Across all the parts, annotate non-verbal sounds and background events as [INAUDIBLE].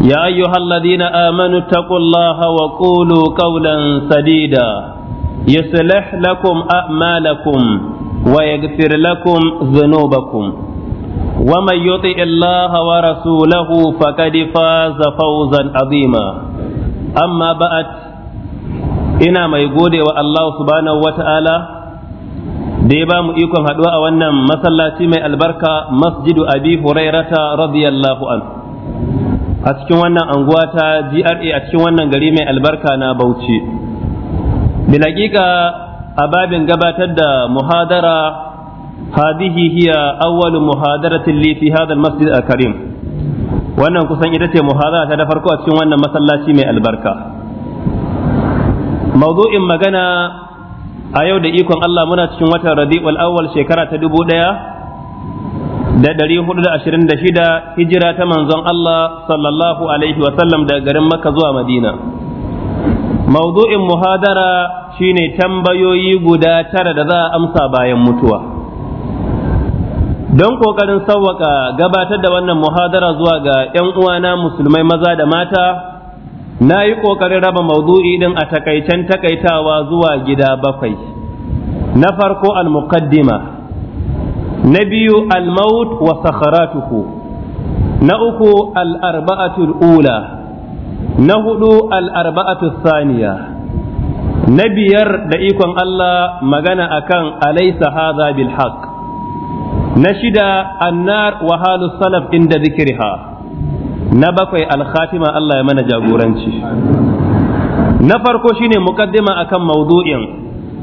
يا أيها الذين آمنوا اتقوا الله وقولوا قولا سديدا يصلح لكم أعمالكم ويغفر لكم ذنوبكم ومن يطع الله ورسوله فقد فاز فوزا عظيما أما بعد ina mai gode wa Allah subhanahu wa ta'ala da ya ba mu ikon haɗuwa a wannan masallaci mai albarka masjidu abi hurairata radiyallahu a cikin wannan anguwa ta GRA a cikin wannan gari mai albarka na Bauchi. Bilakika a babin gabatar da muhadara hadihi hiya awwalu muhadaratin li fi hadha al-masjid al-karim. Wannan kusan ita ce muhadara ta da farko a cikin wannan masallaci mai albarka. Mawdu'in magana a yau da ikon Allah muna cikin watan Rabiul Awwal shekara ta dubu ɗaya da ɗari hudu da ashirin da shida hijira ta manzon Allah sallallahu alaihi wasallam daga garin Makka zuwa Madina. Maudu'in muhadara shine tambayoyi guda tara da za a amsa bayan mutuwa. Don ƙoƙarin sauwaka gabatar da wannan muhadara zuwa ga 'yan uwana musulmai maza da mata, na yi ƙoƙarin raba maudu'i din a takaicen takaitawa zuwa gida bakwai. Na farko al-muqaddima. na biyu almaut wa sakharatuhu na uku al'arba'atul ula na hudu al'arba'atul saniya na biyar da ikon Allah magana akan alaisa hadha bil haq, na shida annar wa halus salaf inda zikirha, na bakwai alkhatima Allah ya mana jagoranci na farko shine muqaddima akan mawdu'in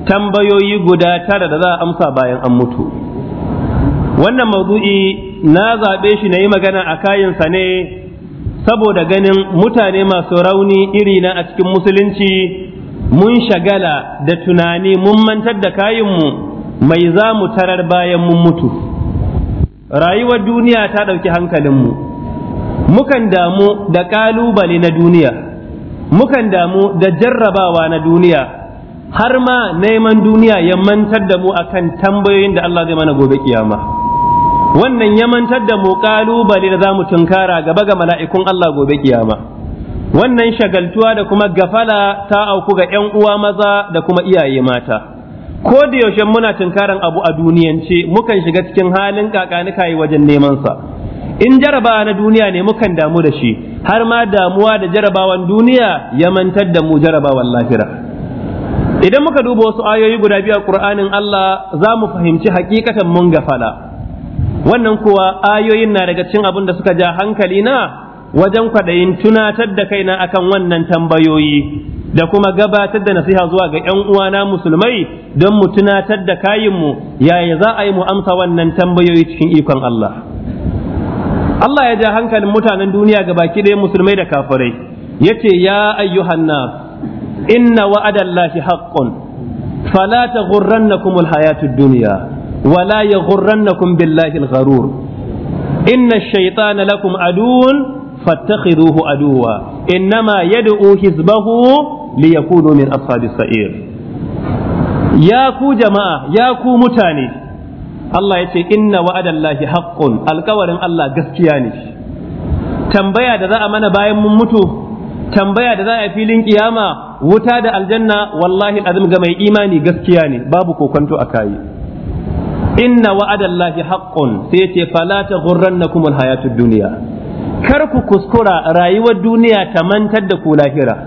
tambayoyi guda tara da za a amsa bayan an mutu wannan maudu'i na zaɓe shi na yi magana a kayansa ne saboda ganin mutane masu rauni iri na a cikin musulunci mun shagala da tunani mun mantar da kayanmu mai za mu tarar bayan mun mutu rayuwar duniya ta ɗauki hankalinmu mukan damu da ƙalubale na duniya mukan damu da jarrabawa na duniya har ma neman duniya ya mantar da mu akan tambayoyin da Allah zai mana gobe kiyama. wannan ya mantar da mu kalubale da za mu tunkara gaba ga mala'ikun Allah gobe kiyama wannan shagaltuwa da kuma gafala ta auku ga ƴan uwa maza da kuma iyaye mata ko da yaushe muna tunkaran abu a duniyance mukan shiga cikin halin kakanika yi wajen neman sa in jarabawa na duniya ne mukan damu da shi har ma damuwa da jarabawan duniya ya mantar da mu jarabawan lafira. idan muka duba wasu ayoyi guda biyu a Qur'anin Allah za mu fahimci hakikatan mun gafala wannan kuwa ayoyin na daga cikin abin da suka ja hankali na wajen kwaɗayin tunatar da kaina akan wannan tambayoyi da kuma gabatar da nasiha zuwa ga 'yan uwana musulmai don mu tunatar da kayinmu yaya za a yi mu amsa wannan tambayoyi cikin ikon Allah. Allah ya ja hankalin mutanen duniya ga baki ɗaya musulmai da kafirai ya ce ya ayyuhan nas inna wa'adallahi haqqun fala taghurrannakumul hayatud duniya. wala yaghurrannakum billahi al-gharur inna ash-shaytana lakum aduwwun فاتخذوه عدوا إنما يدعو حزبه ليكونوا من أصحاب السعير يا كو جماعة يا كو متاني الله يتي إن وعد الله حق القول الله قسكياني tambaya da za a mana bayan mun mutu tambaya da za a filin ƙiyama, wuta da aljanna wallahi azim ga mai imani gaskiya ne babu kokonto a kayi inna wa'adallahi haqqun sai yace fala taghurrannakum alhayatud dunya kar ku kuskura rayuwar duniya ta mantar da ku lahira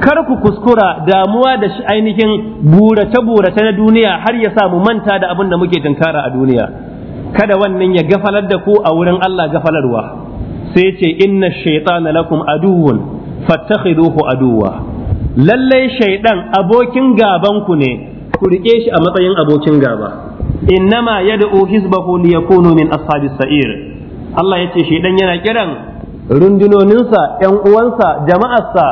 kar ku kuskura damuwa da ainihin burace-burace na duniya har ya samu manta da abin da muke tunkara a duniya kada wannan ya gafalar da ku a wurin Allah gafalarwa sai ce inna shaytana lakum aduwwun fattakhiduhu aduwwa lallai shaiɗan abokin gaban ku ne ku rike shi a matsayin abokin gaba innama yad'u hizbahu liyakunu min ashabis sa'ir Allah yace shi dan yana kiran rundunoninsa ƴan uwansa jama'arsa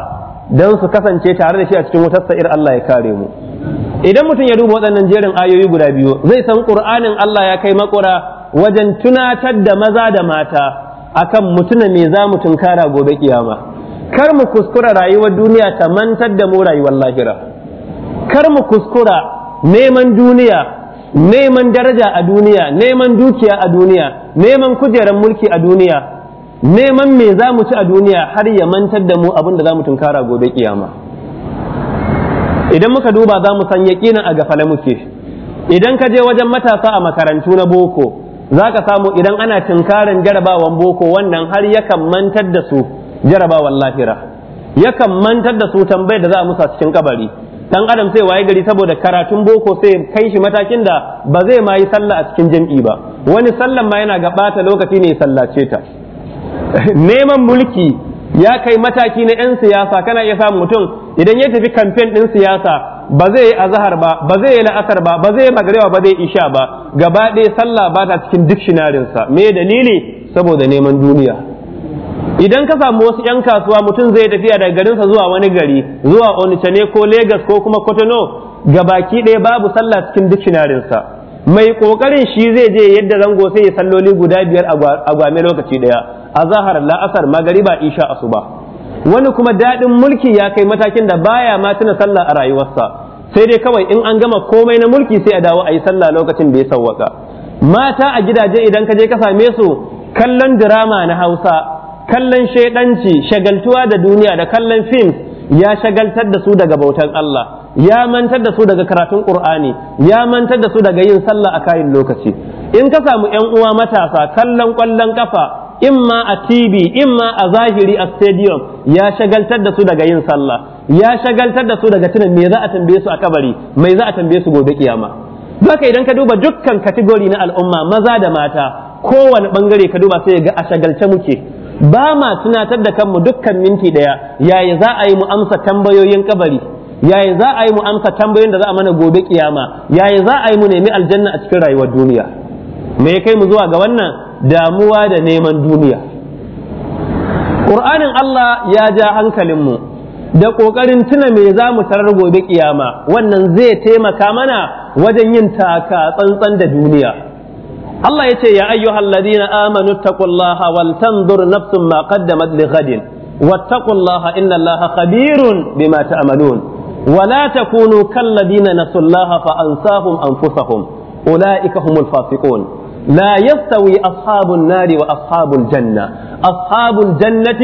dan su kasance tare da shi a cikin wutar sa'ir Allah ya kare mu idan mutum ya duba waɗannan jerin ayoyi guda biyu zai san qur'anin Allah ya kai makura wajen tunatar da maza da mata akan mutuna me za mu tunkara gobe kiyama kar mu kuskura rayuwar duniya ta mantar da mu rayuwar lahira kar mu kuskura neman duniya neman daraja a duniya neman dukiya a duniya neman kujerar mulki a duniya neman me za mu ci a duniya har ya mantar da mu abin da za mu tunkara gobe kiyama idan muka duba za mu san yaƙinan a gafale muke idan ka je wajen matasa a makarantu na boko za ka samu idan ana tunkarin jarabawan boko wannan har yakan mantar da su jarabawan lahira yakan mantar da su tambayar da za a musa cikin kabari dan adam sai waye gari saboda karatun boko sai kai shi matakin da ba zai ma yi sallah a cikin jam'i ba wani sallan ma yana gabata lokaci ne sallace ta [LAUGHS] neman mulki ya kai mataki na 'yan siyasa kana iya samun mutum idan ya tafi kamfen ɗin siyasa ba zai yi azahar ba ba zai yi la'asar ba ba zai yi magarewa ba zai isha ba gaba ɗaya sallah ba ta cikin sa me dalili saboda neman duniya idan ka samu wasu 'yan kasuwa mutum zai tafiya daga garinsa zuwa wani gari zuwa Onitsha ne ko Legas ko kuma Kotono ga baki ɗaya babu sallah cikin sa mai kokarin shi zai je yadda zango sai ya salloli guda biyar a gwame lokaci ɗaya a zahar la'asar magariba isha asuba wani kuma daɗin mulki ya kai matakin da baya ma tuna sallah a rayuwarsa sai dai kawai in an gama komai na mulki sai a dawo a yi sallah lokacin da ya sawwaka mata a gidaje idan ka je ka same su kallon dirama na Hausa kallon shaidanci shagaltuwa da duniya da kallon fim ya shagaltar da su daga bautan Allah ya mantar da su daga karatun Qur'ani ya mantar da su daga yin sallah a kayan lokaci in ka samu ƴan uwa matasa kallon ƙwallon kafa imma a TV imma a zahiri a stadium ya shagaltar da su daga yin sallah ya shagaltar da su daga tunan me za a tambaye su a kabari mai za a tambaye su gobe kiyama zaka idan ka duba dukkan kategori na al'umma maza da mata kowane bangare ka duba sai ga a shagalce muke ba ma tunatar da kanmu dukkan minti daya yayi za a yi mu amsa tambayoyin kabari yayi za a yi mu amsa tambayoyin da za a mana gobe kiyama yaya za a yi mu nemi aljanna a cikin rayuwar duniya me ya kai mu zuwa ga wannan damuwa da neman duniya Qur'anin Allah ya ja hankalin mu da ƙoƙarin tuna me za mu tarar gobe kiyama wannan zai taimaka mana wajen yin taka tsantsan da duniya الله يتي يا أيها الذين آمنوا اتقوا الله ولتنظر نفس ما قدمت لغد واتقوا الله إن الله خبير بما تعملون ولا تكونوا كالذين نسوا الله فأنساهم أنفسهم أولئك هم الفاسقون لا يستوي أصحاب النار وأصحاب الجنة أصحاب الجنة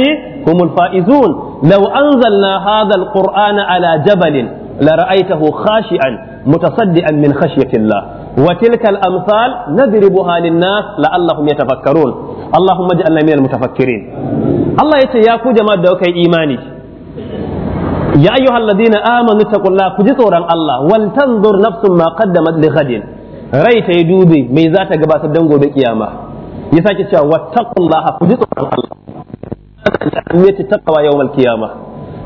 هم الفائزون لو أنزلنا هذا القرآن على جبل لرأيته خاشئا متصدئا من خشية الله wa tilkal amsal nadribuha lin-nas la'allahum yatafakkarun Allahumma ij'alna minal mutafakkirin Allah yace ya ku jama'a da yi imani ya ayyuhalladhina amanu taqullaha ku ji tsoron Allah wal tanzur nafsun ma qaddamat li rai ta yi dubi mai za ta gabatar dan gobe kiyama ya sake cewa wattaqullaha ku ji tsoron Allah ta'amiyati taqwa yawmal qiyamah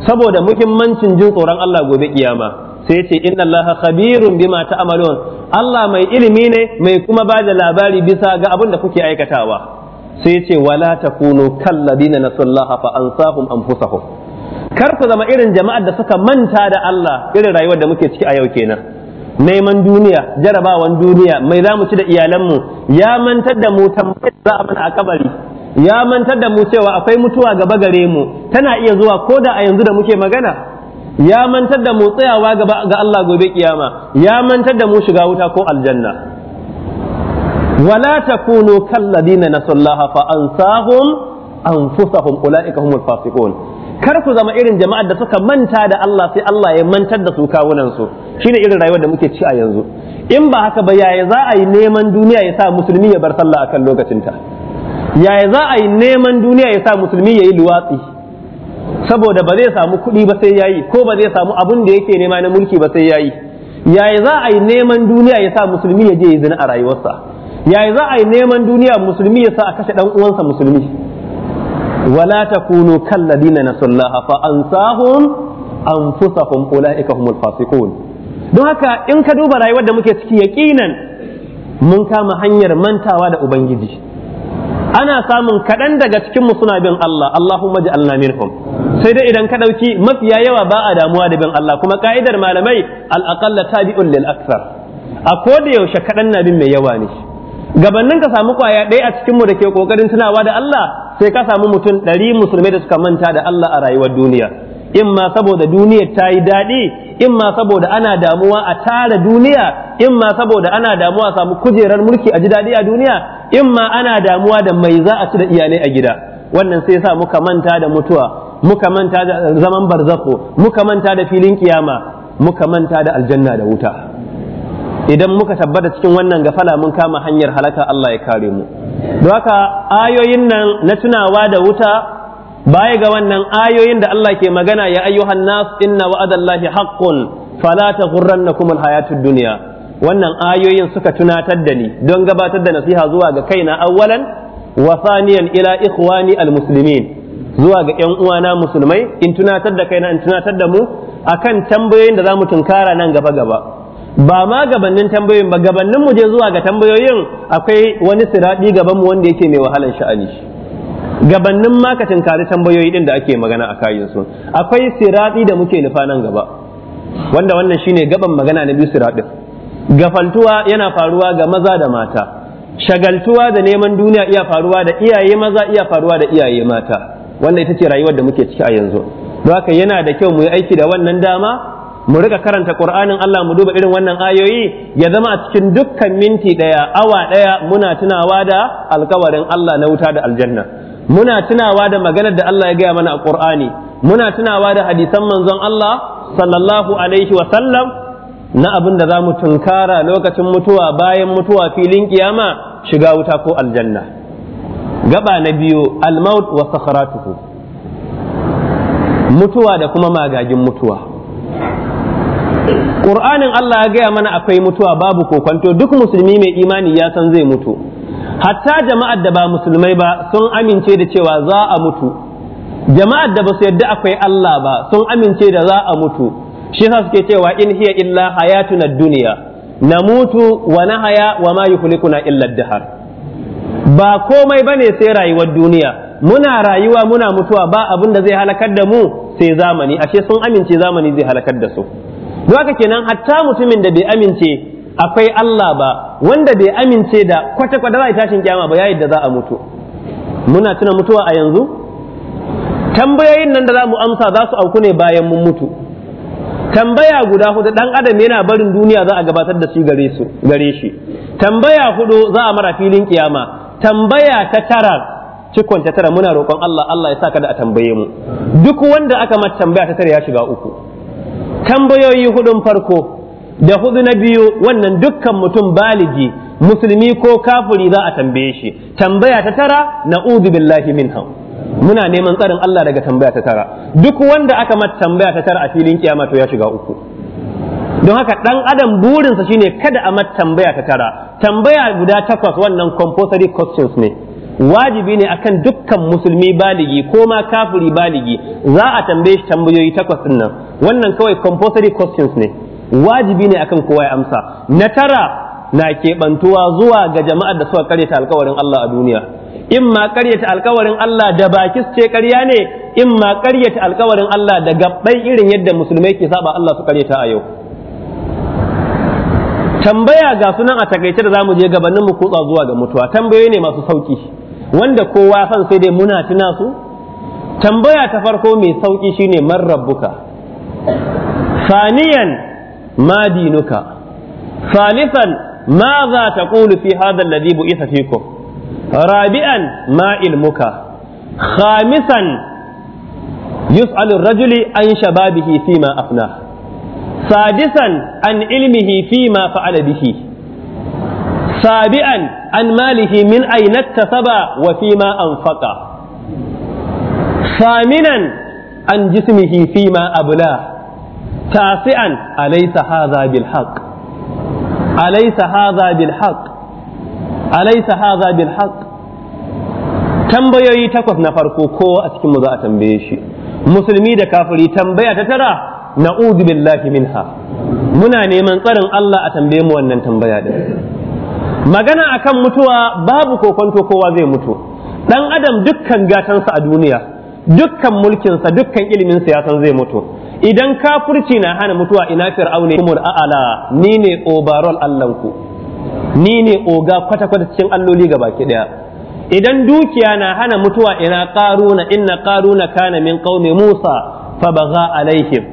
saboda muhimmancin jin tsoron Allah gobe kiyama sai ce inna allaha khabirun bima ta'malun Allah mai ilimi ne mai kuma ba da labari bisa ga abin da kuke aikatawa sai ce wala takunu na Sallaha! fa ansahum anfusahum kar ku zama irin jama'ar da suka manta da Allah irin rayuwar da muke ciki a yau kenan neman duniya jarabawan duniya mai za mu ci da iyalanmu ya mantar da mu tambayar za a mana a kabari ya mantar da mu cewa akwai mutuwa gaba gare mu tana iya zuwa ko da a yanzu da muke magana ya mantar da mu tsayawa ga Allah gobe kiyama ya mantar da mu shiga wuta ko aljanna wala takunu na nasallaha fa ansahum anfusahum ulaika humul fasiqun kar ku zama irin jama'ar da suka manta da Allah sai Allah ya mantar da su kawunan su shine irin rayuwar da muke ci a yanzu in ba haka ba yaya za a yi neman duniya ya sa musulmi ya bar sallah akan lokacinta yaya za a yi neman duniya ya sa musulmi ya yi luwatsi saboda ba zai samu kuɗi ba sai yayi ko ba zai samu abun da yake nema na mulki ba sai yayi yayi za a yi neman duniya ya sa musulmi ya je ya zina a rayuwarsa yayi za a yi neman duniya musulmi ya sa a kashe dan uwansa musulmi wala takunu kalladina nasallaha fa ansahum anfusahum ulaika humul fasiqun don haka in ka duba rayuwar da muke ciki yaqinan mun kama hanyar mantawa da ubangiji ana samun kaɗan daga cikinmu suna bin Allah Allahumma ja'alna minhum sai dai idan ka ɗauki mafiya yawa ba a damuwa da bin Allah kuma ka'idar malamai al-aqalla tabi'un lil akthar a koda yaushe kaɗan na bin mai yawa ne gabanin ka samu kwaya ɗaya a cikin mu da ke kokarin tunawa da Allah sai ka samu mutum ɗari musulmai da suka manta da Allah a rayuwar duniya in ma saboda duniyar ta yi daɗi in ma saboda ana damuwa a tara duniya in ma saboda ana damuwa a samu kujerar mulki a ji daɗi a duniya in ma ana damuwa da mai za a ci da iyalai a gida wannan sai sa muka manta da mutuwa muka manta da zaman barzako muka manta da filin kiyama muka manta da aljanna da wuta idan muka tabbata cikin wannan gafala mun kama hanyar halaka Allah ya kare mu don haka ayoyin nan na tunawa da wuta baya ga wannan ayoyin da Allah ke magana ya ayyuhan nas inna wa'adallahi haqqun fala taghurrannakum alhayatud dunya wannan ayoyin suka tunatar da ni don gabatar da nasiha zuwa ga kaina awwalan wa thaniyan ila ikhwani almuslimin zuwa ga ƴan uwana musulmai in tunatar da kaina in tunatar da mu akan tambayoyin da za mu tunkara nan gaba gaba ba ma gabannin tambayoyin ba gabannin mu je zuwa ga tambayoyin akwai wani siradi gaban mu wanda yake mai wahalan sha'ani gabannin makacin kare tambayoyi din da ake magana a kayan su akwai siradi da muke nufa nan gaba wanda wannan shine gaban magana na biyu siradin. gafaltuwa yana faruwa ga maza da mata shagaltuwa da neman duniya iya faruwa da iyaye maza iya faruwa da iyaye mata wanda ita ce rayuwar da muke ciki a yanzu don haka yana da kyau mu yi aiki da wannan dama mu rika karanta qur'anin Allah mu duba irin wannan ayoyi ya zama a cikin dukkan minti daya awa daya muna tunawa da alkawarin Allah na wuta da aljanna muna tunawa da maganar da Allah ya gaya mana a Qur'ani muna tunawa da hadisan manzon Allah sallallahu alaihi wa sallam na abin da zamu tunkara lokacin mutuwa bayan mutuwa filin kiyama shiga wuta ko aljanna gaba na biyu almaut wa sakhratuhu mutuwa da kuma magagin mutuwa Qur'anin Allah ya gaya mana akwai mutuwa babu kokwanto duk musulmi mai imani ya san zai mutu hatta jama'ar da ba musulmai ba sun amince da cewa za a mutu jama'ar da ba su yadda akwai Allah ba sun amince da za a mutu shi sa suke cewa in hiya illa tuna duniya namutu wa na haya wa ma yuhlikuna illa dahar ba komai bane sai rayuwar duniya muna rayuwa muna mutuwa ba abin da zai halakar da mu sai zamani ashe sun amince zamani zai halakar da su duk haka kenan hatta mutumin da bai amince akwai Allah ba wanda bai amince da kwata kwata za a tashin kyama ba yayin da za a mutu muna tuna mutuwa a yanzu tambayoyin nan da za mu amsa za su auku ne bayan mun mutu tambaya guda hudu dan adam yana barin duniya za a gabatar da shi gare su gare shi tambaya hudu za a mara filin kiyama tambaya ta tara cikon ta tara muna roƙon Allah Allah ya saka da a tambaye mu duk wanda aka mata tambaya ta tara ya shiga uku tambayoyi hudun farko da hudu na biyu wannan dukkan mutum baligi musulmi ko kafuri za a tambaye shi tambaya ta tara na billahi minha muna neman tsarin Allah daga tambaya ta tara duk wanda aka mata tambaya ta tara a filin kiyama to ya shiga uku don haka dan adam burinsa shine kada a mata tambaya ta tara tambaya guda takwas wannan compulsory questions ne wajibi ne akan dukkan musulmi baligi ko ma kafuri baligi za a tambaye shi tambayoyi takwas nan wannan kawai compulsory questions ne wajibi ne akan kowa ya amsa na tara na keɓantuwa zuwa ga jama'ar da suka karyata alkawarin Allah a duniya in ma karyata alkawarin Allah da baki su ce karya ne in ma karyata alkawarin Allah da gabbai irin yadda musulmai ke saba Allah su karyata a yau tambaya ga sunan a takaice da zamu je gabanin mu kutsa zuwa ga mutuwa tambayoyi ne masu sauki wanda kowa san sai dai muna tuna su tambaya ta farko mai sauki shine man rabbuka saniyan ma dinuka ثالثا ماذا تقول في هذا الذي بئس فيكم رابعا ما علمك خامسا يسأل الرجل عن شبابه فيما أفناه سادسا عن علمه فيما فعل به سابعا عن ماله من أين اكتسب وفيما أنفق ثامنا عن جسمه فيما أبلاه تاسعا أليس هذا بالحق أليس هذا بالحق أليس هذا بالحق tambayoyi takwas na farko kowa a cikinmu za a tambaye shi musulmi da kafiri tambaya ta tara na'udhu billahi minha muna neman tsarin Allah a tambaye mu wannan tambaya din magana akan mutuwa babu kokonto kowa zai mutu dan adam dukkan gatansa a duniya dukkan mulkinsa dukkan iliminsa ya san zai mutu idan kafirci na hana mutuwa ina fir'aune kumul a'ala ni ne obarol allanku ni ne oga kwata-kwata cikin alloli ga baki daya idan dukiya na hana mutuwa ina qaruna inna qaruna kana min qaumi musa fa baga alaihim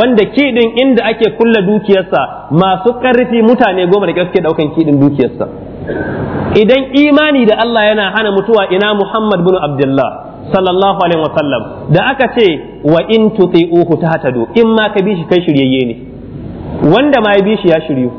wanda kidin inda ake kulla dukiyarsa masu karfi mutane goma da suke daukan kidin dukiyarsa idan imani da Allah yana hana mutuwa ina Muhammad bin Abdullah sallallahu alaihi wasallam da aka ce wa in tuti'uhu tahtadu in ma ka bi shi kai shiryayye ne wanda ma ya bi shi ya shiryu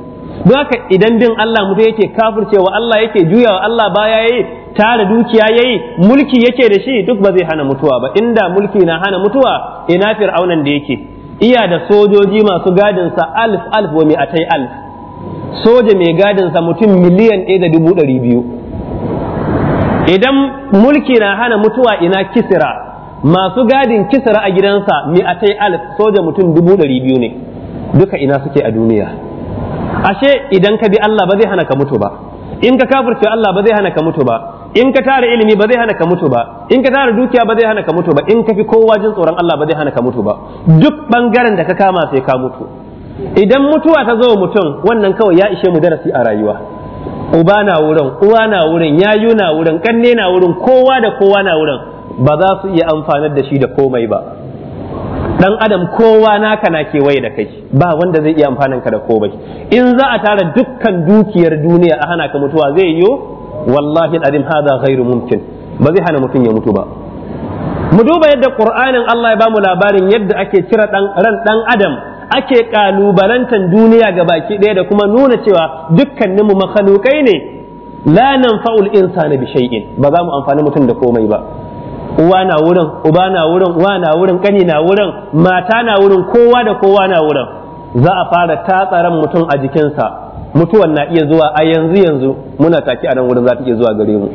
don haka idan bin Allah mutum yake kafircewa Allah yake juyawa Allah baya yayi tara dukiya yayi mulki yake da shi duk ba zai hana mutuwa ba inda mulki na hana mutuwa ina fir'aunan da yake iya da sojoji masu gadin sa alf alf wa mi'atai alf soja mai gadin sa mutum miliyan ɗaya da dubu ɗari biyu idan mulki na hana mutuwa ina kisira masu gadin kisira a gidansa mi a tai alif soja mutum dubu ɗari biyu ne duka ina suke a duniya ashe idan ka bi Allah ba zai hana ka mutu ba in ka kafirce Allah ba zai hana ka mutu ba in ka tara ilimi ba zai hana ka mutu ba in ka tara dukiya ba zai hana ka mutu ba in ka fi kowa jin tsoron Allah ba zai hana ka mutu ba duk bangaren da ka kama sai ka mutu idan mutuwa ta zo mutum wannan kawai ya ishe mu darasi a rayuwa uba na wurin uwa na wurin yayu na wurin kanne na wurin kowa da kowa na wurin ba za su iya amfanar da shi da komai ba dan adam kowa naka na kewaye da kai ba wanda zai iya amfanin ka da komai in za a tara dukkan dukiyar duniya a hana ka mutuwa zai yiwu wallahi alim hada ghairu mumkin ba zai hana mutum ya mutu ba mu duba yadda qur'anin Allah ya bamu labarin yadda ake cire ran dan adam ake kalubalantar duniya ga baki ɗaya da kuma nuna cewa dukkaninmu makhalukai ne la Fa'ul insa bi shay'in ba za mu amfani mutum da komai ba uwa na wurin uba na wurin uwa na wurin kani na wurin mata na wurin kowa da kowa na wurin za a fara tatsaran mutum a jikinsa mutuwan na iya zuwa a yanzu yanzu muna take a nan wurin za ta iya zuwa gare mu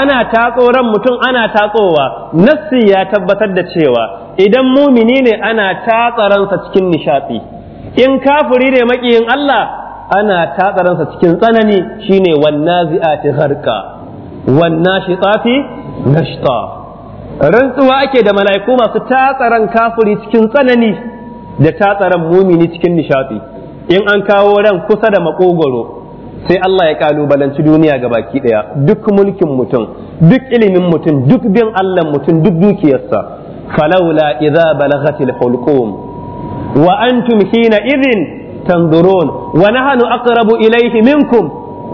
ana tatso mutum ana tatsowa nassi ya tabbatar da cewa idan mumini ne ana tatsa cikin nishaɗi in kafiri ne makiyin Allah ana tatsa cikin tsanani shine wannazi'ati harka wannashitati nashta rantsuwa ake da mala'iku masu tatsaran kafuri kafiri cikin tsanani da tatsaran mumini cikin nishaɗi in an kawo ran kusa da makogoro sai Allah ya kalubalanci duniya ga baki ɗaya. duk mulkin mutum duk ilimin mutum duk bin Allah mutum duk dukiyarsa falaula idza balaghatil hulqum wa antum hina idhin tanzurun wa nahnu aqrabu ilayhi minkum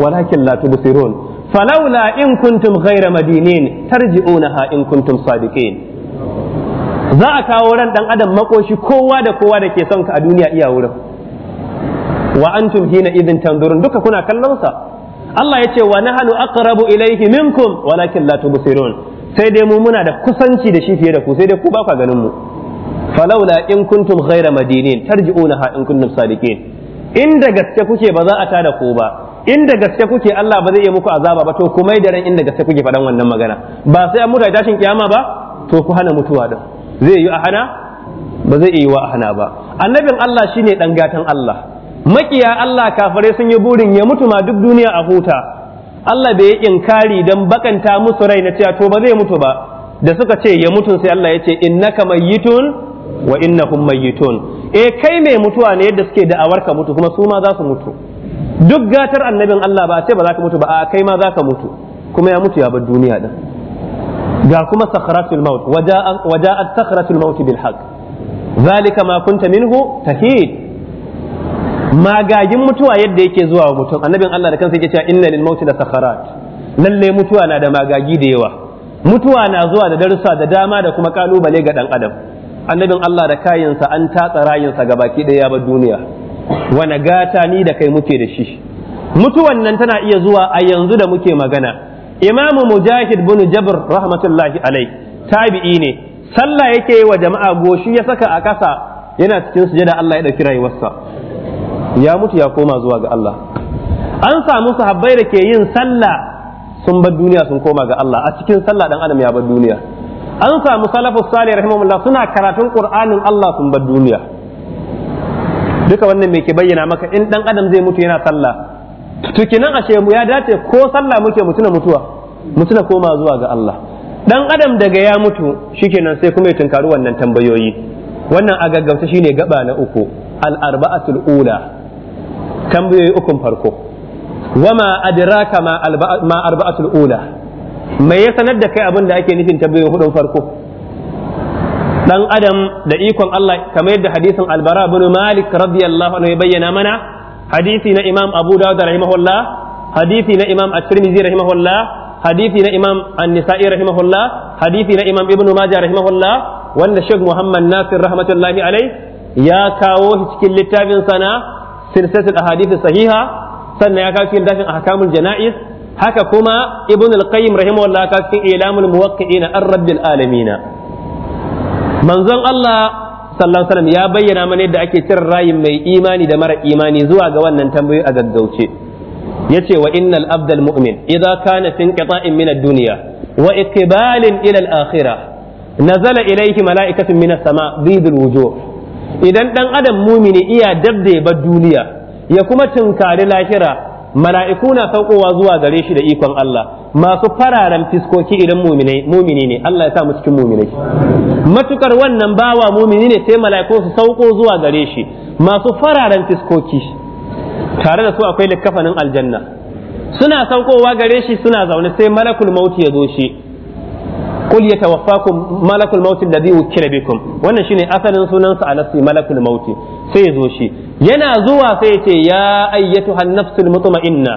walakin la tubsirun Falawla in kuntum ghayra madinin tarji'unaha in kuntum sadiqin za a kawo ran dan adam makoshi kowa da kowa da ke son ka a duniya iya wurin wa antum hina idin tanzurun duka kuna kallon sa Allah ya ce wa nahnu aqrabu ilayhi minkum walakin la tubsirun sai dai mu muna da kusanci da shi fiye da ku sai dai ku ba ku ganin mu falaula in kuntum ghayra madinin tarji'unaha in kuntum sadiqin inda gaske kuke ba za a tada ku ba inda gaske kuke Allah ba zai yi muku azaba ba to ku mai da ran inda gaske kuke faɗan wannan magana ba sai an mutu tashin kiyama ba to ku hana mutuwa din zai yi a hana ba zai yi wa a hana ba annabin Allah shine dan gatan Allah makiya Allah kafare sun yi burin ya mutu ma duk duniya a huta Allah bai yi inkari dan bakanta musu rai na cewa to ba zai mutu ba da suka ce ya mutu sai Allah ya ce innaka mayyitun wa innahum mayyitun eh kai mai mutuwa ne yadda suke da'awar ka mutu kuma su ma za su mutu duk gatar annabin Allah ba ce ba za ka mutu ba a kai ma za ka mutu kuma ya mutu ya bar duniya din ga kuma sakharatul maut waja'at sakharatul maut bil haqq zalika ma kunta minhu tahid magagin mutuwa yadda yake zuwa wa mutum annabin Allah da kansa yake cewa inna lil mauti la sakharat lalle mutuwa na da magagi da yawa mutuwa na zuwa da darussa da dama da kuma kalubale ga dan adam annabin Allah da kayinsa an tatsa rayinsa ga baki ɗaya ba duniya wani gata ni da kai muke da shi mutuwan nan tana iya zuwa a yanzu da muke magana imamu mujahid bin jabr rahmatullahi alai tabi'i ne sallah yake yi wa jama'a goshi ya saka a kasa yana cikin sujada Allah ya dauki rayuwarsa ya mutu ya koma zuwa ga Allah an samu sahabbai da ke yin sallah sun bar duniya sun koma ga Allah a cikin sallah dan adam ya bar duniya an samu salafus salih rahimahumullah suna karatun qur'anin Allah sun bar duniya duka wannan me ke bayyana maka in dan adam zai mutu yana sallah tukinan ashe mu ya dace ko sallah muke mutuna mutuwa mutuna koma zuwa ga Allah dan adam daga ya mutu shikenan sai kuma ya tunkari wannan tambayoyi wannan a gaggauta shine gaba na uku al arba'atul ula tambayoyi ukun farko wama adraka ma ma arba'atul ula me ya sanar da kai abin da ake nufin tambayoyin hudun farko dan adam da ikon Allah kamar yadda hadisin albara bin malik radiyallahu anhu ya bayyana mana hadisi na imam abu dawud rahimahullah hadisi na imam at-tirmidhi rahimahullah hadisi na imam an-nisa'i rahimahullah hadisi na imam ibnu majah rahimahullah wanda sheikh muhammad nasir rahmatullahi alai ya kawo cikin littafin sana a ahadith sahiha sannan ya kai cikin dafin ahkamul janaiz haka kuma ibn al-qayyim rahimahullah ka cikin ilamul muwaqqi'ina ar-rabbil alamin manzon Allah sallallahu alaihi ya bayyana mana yadda ake cin rayin mai imani da mara imani zuwa ga wannan tambayoyi a gaggauce yace wa innal abdal mu'min idza kana fi inqita'in min ad-dunya wa iqbalin ila akhira, akhirah nazala ilaihi mala'ikatun min as-sama' bidul wuju. idan ɗan adam mumini iya dabda ba duniya ya kuma tunkari lahira mala'iku na saukowa zuwa gare shi da ikon Allah masu fararen fiskoki idan mumini ne Allah ya sa mu cikin mumini matukar wannan bawa mumini ne sai mala'iku su sauko zuwa gare shi masu fararen fiskoki tare da su akwai likkafanin aljanna suna saukowa gare shi suna zaune sai malakul mauti ya zo shi qul yatawaffakum malakul maut alladhi wukila bikum wannan shine asalin sunan sa alasi malakul maut sai zo shi yana zuwa sai yace ya ayyatuhan nafsul mutma'inna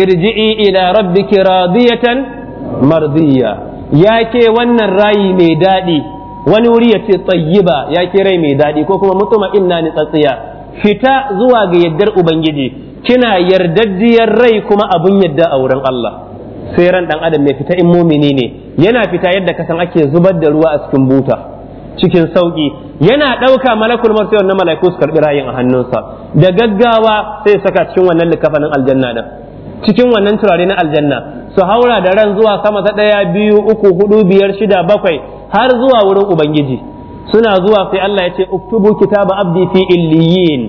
irji'i ila rabbiki radiyatan mardiya ya ke wannan rayi mai daɗi wani wuri ya ce tsayyiba ya ke rai mai daɗi ko kuma mutuma ni tsatsiya fita zuwa ga yaddar ubangiji kina yardaddiyar rai kuma abun yadda a wurin Allah sai ran dan adam mai fita in mumini ne yana fita yadda kasan ake zubar da ruwa a cikin buta cikin sauki yana ɗauka malakul maut sai na malaiku su karɓi rayin a hannunsa da gaggawa sai saka cikin wannan likafanin aljanna da. cikin wannan turare na aljanna su haura da ran zuwa sama ta ɗaya biyu uku hudu biyar shida bakwai har zuwa wurin ubangiji suna zuwa sai Allah ya ce uktubu kitaba abdi fi illiyin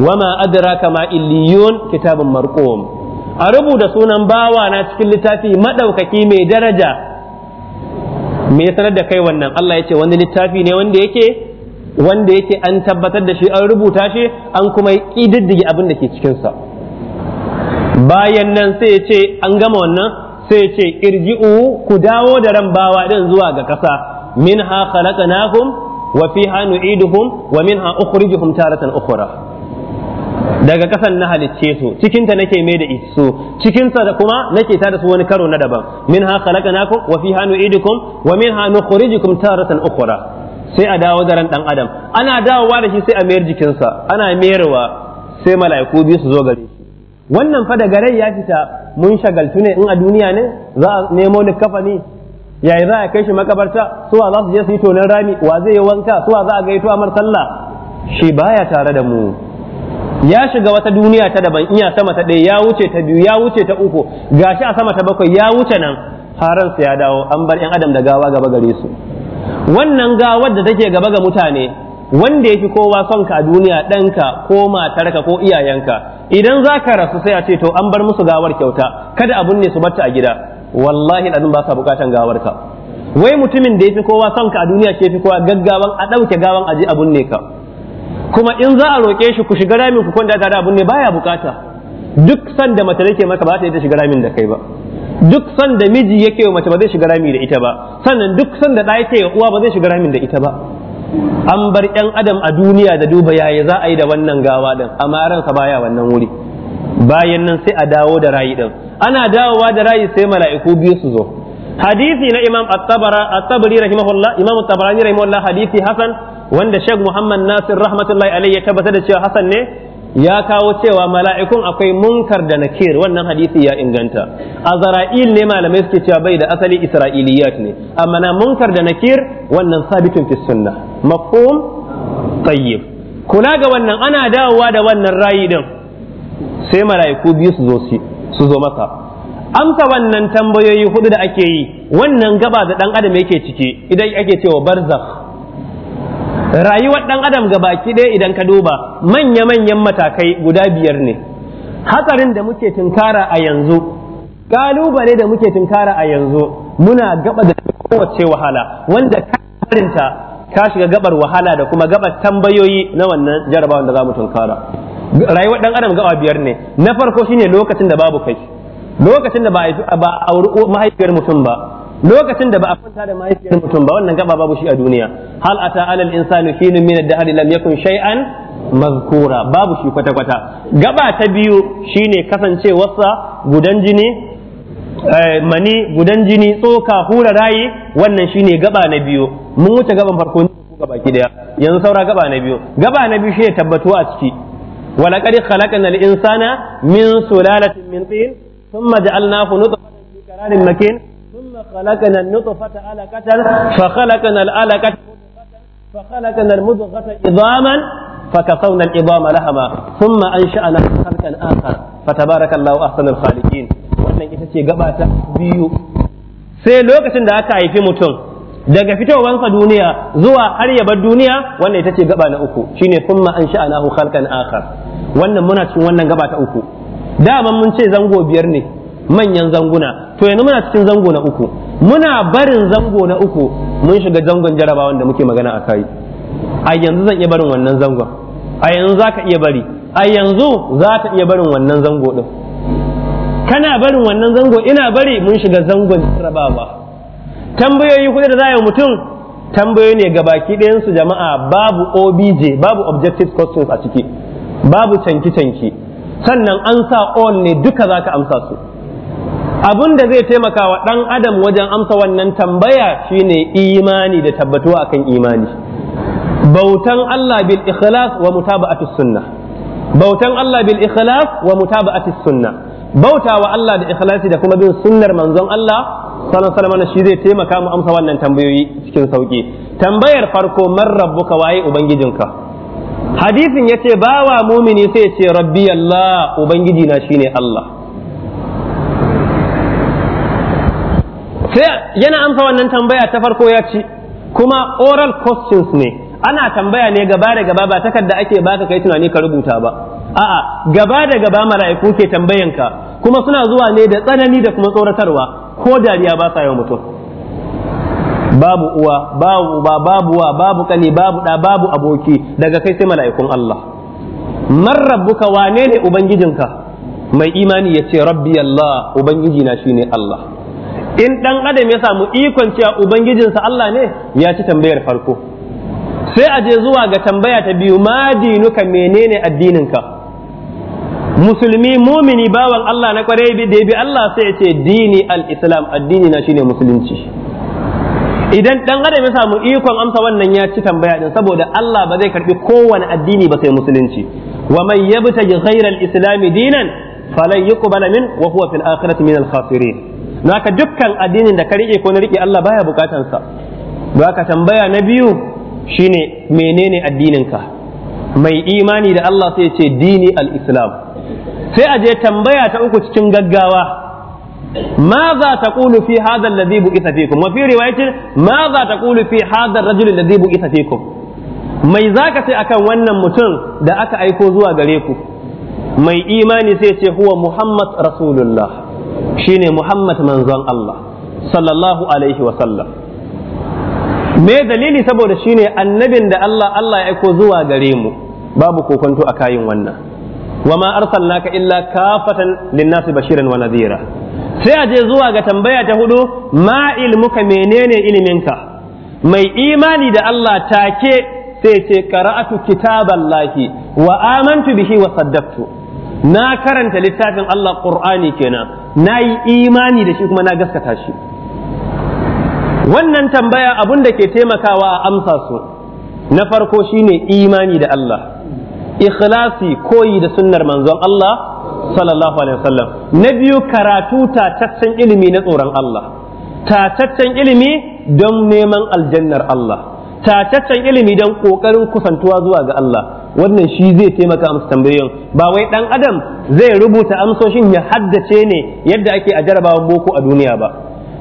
wama adraka ma illiyun kitabun marqum a rubuta sunan bawa na cikin littafi maɗaukaki mai daraja me ya sanar da kai wannan Allah ya ce wani littafi ne wanda yake wanda yake an tabbatar da shi an rubuta shi an kuma kididdige abin da ke cikinsa bayan nan sai ya ce an gama wannan sai ya ce irji'u ku dawo da ran bawa din zuwa ga ƙasa minha khalaqnakum wa fiha nu'iduhum wa minha ukhrijuhum taratan ukhra daga kasan na halicce su cikin ta nake mai da su cikin sa da kuma nake ta da su wani karo na daban minha khalaqnakum wa fiha nu'idukum wa ha nukhrijukum taratan ukhra sai a dawo da ran dan adam ana dawowa da shi sai a mayar jikin sa ana mayarwa sai mala'iku biyu su zo gare shi wannan fa daga rai ya fita mun shagaltu ne in a duniya ne za a nemo kafani yayi za a kai shi makabarta suwa za su je su yi tonin rami wa zai yi wanka suwa za a gaito a sallah shi baya tare da mu ya shiga wata duniya ta daban iya sama ta ɗaya ya wuce ta biyu ya wuce ta uku ga shi a sama ta bakwai ya wuce nan haran ya dawo an bar yan adam da gawa gaba gare su wannan gawar da take gaba ga mutane wanda yafi kowa son ka a duniya ɗanka ko matarka ko iyayenka idan za ka rasu sai a ce to an bar musu gawar kyauta kada abun ne su barta a gida wallahi ɗan ba sa bukatan gawar ka wai mutumin da yafi kowa son ka a duniya ke fi kowa gaggawan a ɗauke gawan aje abun ne ka kuma in za a roƙe shi ku shiga ramin ku kwanta tare abin ne baya bukata duk san da mace nake masa ba ta yi ta shiga ramin da kai ba duk san da miji yake wa mace ba zai shiga rami da ita ba sannan duk san da ɗaya yake wa uwa ba zai shiga ramin da ita ba an bar ɗan adam a duniya da duba yaya za a yi da wannan gawa ɗin. amma ransa baya wannan wuri bayan nan sai a dawo da rayi ɗin. ana dawowa da rayi sai mala'iku biyu su zo hadisi na imam at-tabara at-tabari rahimahullah imam at tabari rahimahullah hadisi hasan wanda Sheikh Muhammad Nasir rahmatullahi alaihi ya tabbatar da cewa Hassan ne ya kawo cewa mala'ikun akwai munkar da nakir wannan hadisi ya inganta azra'il ne malamai suke cewa bai da asali isra'iliyat ne amma na munkar da nakir wannan sabitun fi sunna mafhum tayyib kula ga wannan ana dawowa da wannan rayi din sai mala'iku biyu su zo su zo masa amsa wannan tambayoyi hudu da ake yi wannan gaba da dan adam yake cike idan ake cewa barzakh rayuwar ɗan adam ga baki ɗaya idan ka duba manya-manyan matakai guda biyar ne hatsarin da muke tunkara a yanzu ƙalubale da muke tunkara a yanzu muna gaba da kowace wahala wanda karinta ka shiga gabar wahala da kuma gabar tambayoyi na wannan jarabawan da za mu tunkara rayuwar ɗan adam gaba biyar ne na farko shine lokacin da babu kai lokacin da ba a auri mahaifiyar mutum ba lokacin da ba a kwanta da mahaifiyar mutum ba wannan gaba babu shi a duniya hal ata alal insani hinun min ad-dahr lam yakun shay'an mazkura babu shi kwata kwata gaba ta biyu shine kasancewarsa gudan jini eh, mani gudan jini tsoka hura rayi wannan shine gaba na biyu mun wuce gaban farko ne ko gaba ki daya yanzu saura gaba na biyu gaba na biyu shine tabbatuwa a ciki ولقد خلقنا الإنسان من سلالة من طين ثم جعلناه نطفة في قرار مكين خلقنا النطفة علقة فخلقنا العلقة فخلقنا المضغة عظاما فكسونا العظام لحما ثم أنشأنا خلقا آخر فتبارك الله أحسن الخالقين wannan ita ce gaba ta biyu sai lokacin da aka haifi mutum daga fitowansa duniya zuwa har ya bar duniya wannan ita ce gaba na uku shine thumma ansha'nahu khalqan akhar wannan muna cikin wannan gaba ta uku daman mun ce zango biyar ne manyan zanguna to yanzu muna cikin zango na uku muna barin zango na uku mun shiga zangon jarabawan da muke magana a kai a yanzu zan iya barin wannan zangon a yanzu za ka iya bari a yanzu za ta iya barin wannan zango din kana barin wannan zango ina bari mun shiga zangon jarabawa tambayoyi kuɗi da za yi mutum tambayoyi ne ga baki ɗayansu jama'a babu obj babu objective questions a ciki babu canki-canki sannan an sa all ne duka za ka amsa su abin da zai taimaka wa ɗan adam wajen amsa wannan tambaya shine imani da tabbatuwa akan imani bautan Allah bil ikhlas wa sunna bautan Allah bil ikhlas wa sunna bauta wa Allah da ikhlasi da kuma bin sunnar manzon Allah sallallahu alaihi wasallam shi zai taimaka mu amsa wannan tambayoyi cikin sauki tambayar farko man rabbuka waye ubangijinka hadisin yace bawa mumini sai ya ce rabbi Allah ubangiji na shine Allah sai yana amsa wannan tambaya ta farko ya ci kuma oral questions ne ana tambaya ne gaba da gaba ba takarda ake baka kai tunani ka rubuta ba a'a gaba da gaba mala'iku ke tambayanka kuma suna zuwa ne da tsanani da kuma tsoratarwa ko dariya ba sa yawan mutum babu uwa babu uba babu wa babu kani babu da babu aboki daga kai sai mala'ikun Allah man rabbuka wane ne ubangijinka mai imani ya ce rabbi Allah ubangiji na shine Allah in dan adam ya samu ikon cewa ubangijinsa Allah ne ya ci tambayar farko sai a je zuwa ga tambaya ta biyu ma dinuka menene addininka musulmi mumini bawan Allah na kwarai da bi Allah sai ya ce dini al-islam addini na shine musulunci idan dan adam ya samu ikon amsa wannan ya ci tambaya din saboda Allah ba zai karbi kowane addini ba sai musulunci wa man yabtaji ghayra al-islam dinan falan yuqbala min wa huwa fil akhirati min al-khasirin naka dukkan addinin da ka rike ko na rike Allah baya bukatan sa ba ka tambaya na biyu shine menene addinin ka mai imani da Allah sai ce dini al-islam sai a je tambaya ta uku cikin gaggawa ماذا تقول في هذا الذي بؤث فيكم وفي رواية ماذا تقول في هذا الرجل الذي بؤث فيكم mai za ka sai akan wannan mutum da aka aiko zuwa gare ku mai imani sai ce huwa muhammad rasulullah shine Muhammad manzon Allah sallallahu alaihi wa sallam me dalili saboda shine annabin da Allah Allah ya aiko zuwa gare mu babu kokonto a kayin wannan Wa wama arsalnaka illa kafatan linnasi bashirin wa nadhira sai a je zuwa ga tambaya ta hudu ma ilmuka menene iliminka mai imani da Allah take sai ce qara'atu kitaballahi wa amantu bihi wa saddaqtu na karanta littafin Allah Qur'ani kenan na yi imani da shi kuma na gaskata shi wannan tambaya abun da ke taimakawa a amsa su na farko shine imani da Allah ikhlasi koyi da sunnar manzon Allah sallallahu alaihi wasallam na biyu karatu tataccen ilimi na tsoron Allah tataccen ilimi don neman aljannar Allah tataccen ilimi don kokarin kusantuwa zuwa ga Allah wannan shi zai taimaka musu tambayoyin ba wai dan adam zai rubuta amsoshin ya haddace ne yadda ake a jarabawan boko a duniya ba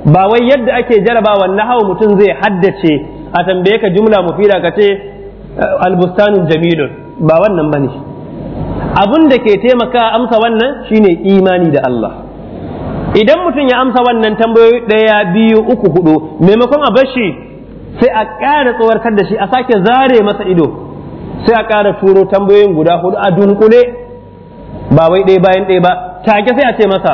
ba wai yadda ake jarabawan hawa mutum zai haddace a tambaye ka jumla mufida ka ce eh, albustanin jamilun ba wannan ne abun da ke taimaka amsa wannan shine imani da Allah idan mutum ya amsa wannan tambayoyi ɗaya biyu uku hudu maimakon a bashi sai a ƙara tsawarkar da shi a sake zare masa ido sai a ƙara turo tambayoyin guda hudu a dunkule ba wai ɗaya bayan ɗaya ba take sai a ce masa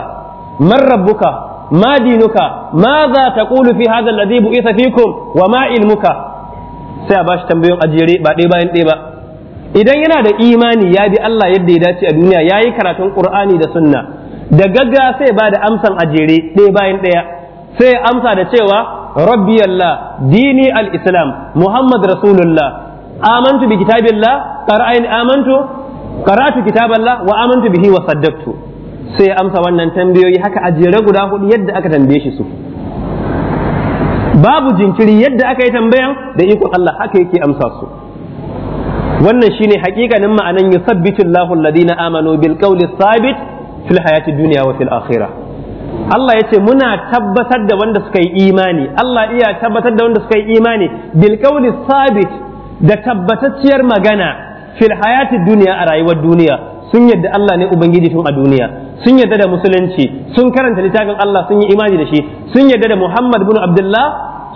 man rabbuka ma dinuka ma za ta ƙulu fi hadha alladhi bu'itha fikum wa ma ilmuka sai a bashi tambayoyin ajere ba ɗaya bayan ɗaya ba idan yana da imani ya bi Allah yadda ya dace a duniya yayi karatun Qur'ani da sunna da gagga sai ba da amsan ajere ɗaya bayan ɗaya sai amsa da cewa rabbi Allah dini al-islam muhammad rasulullah amantu bi kitabillah qara'in amantu qara'atu kitaballah wa amantu bihi wa sai ya amsa wannan tambayoyi haka a jere guda hudu yadda aka tambaye shi su babu jinkiri yadda aka yi tambayan da ikon Allah haka yake amsa su wannan shine hakikanin ma'anan yusabbitu Allahu alladhina amanu bil qawli sabit fil hayati dunya wa fil akhirah Allah yace muna tabbatar da wanda suka yi imani Allah iya tabbatar da wanda suka yi imani bil qawli sabit da tabbatacciyar magana fil hayati duniya a rayuwar duniya sun yadda Allah ne ubangiji tun a duniya sun yadda da musulunci sun karanta littafin Allah sun yi imani da shi sun yadda da Muhammad bin Abdullah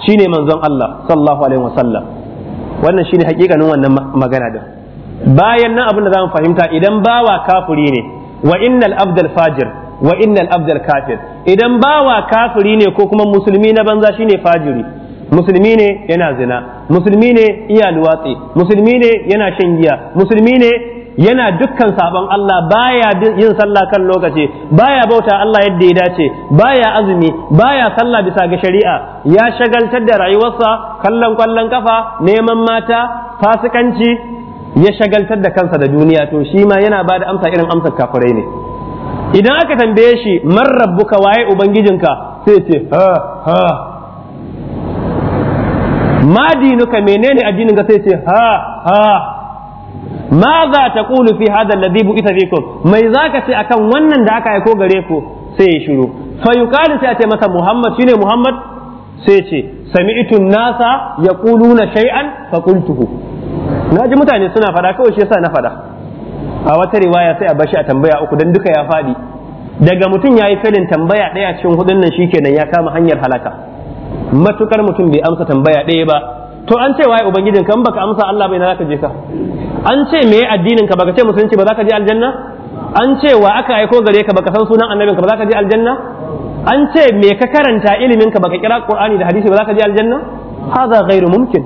shine manzon Allah sallallahu alaihi wasallam wannan shine hakikanin wannan magana din bayan nan abin da zamu fahimta idan bawa kafiri ne wa innal abdal fajir wa innal abdal kafir idan bawa kafiri ne ko kuma musulmi na banza shine fajiri musulmi ne yana zina musulmi ne iya luwatsi musulmi ne yana shan giya musulmi ne yana dukkan sabon Allah baya yin sallah kan lokaci baya bauta Allah yadda ya dace baya azumi baya sallah bisa ga shari'a ya shagaltar da rayuwarsa kallon kwallon kafa neman mata fasikanci ya shagaltar da kansa da duniya to shi ma yana ba da amsa irin amsar kafirai ne idan aka tambaye shi man rabbuka waye ubangijinka sai ce ha ha ma dinuka menene addinin ka sai ce ha ha ma za ta kulu fi hada ita bu'ita ku mai za ka ce akan wannan da aka aiko gare ku sai ya shiru fa sai ce masa muhammad shine muhammad sai ce sami'tu nasa yaquluna shay'an fa qultuhu naji mutane suna fada kawai shi yasa na fada a wata riwaya sai a bashi a tambaya uku dan duka ya fadi daga mutum yayi filin tambaya daya cikin hudun nan shikenan ya kama hanyar halaka matukar mutum bai amsa tambaya ɗaya ba to an ce waye ubangijin kan baka amsa Allah bai na zaka je ka an ce me addinin ka baka ce musulunci ba zaka je aljanna an ce wa aka aiko gare ka baka san sunan annabin ka ba zaka je aljanna an ce me ka karanta ilimin ka baka kira qur'ani da hadisi ba zaka je aljanna hadha ghairu mumkin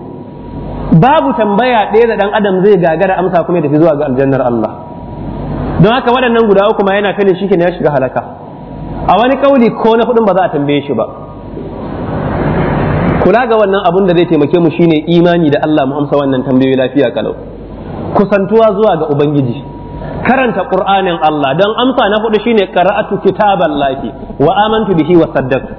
babu tambaya ɗaya da dan adam zai gagara amsa kuma da zuwa ga aljannar Allah don haka waɗannan guda uku ma yana kanin shi ne ya shiga halaka a wani kauli ko na hudun ba za a tambaye shi ba kula ga wannan abun da zai taimake mu shine imani da Allah mu amsa wannan tambayoyi lafiya kalau kusantuwa zuwa ga ubangiji karanta qur'anin Allah dan amsa na hudu shine qara'atu kitaballahi wa amantu bihi wa saddaqtu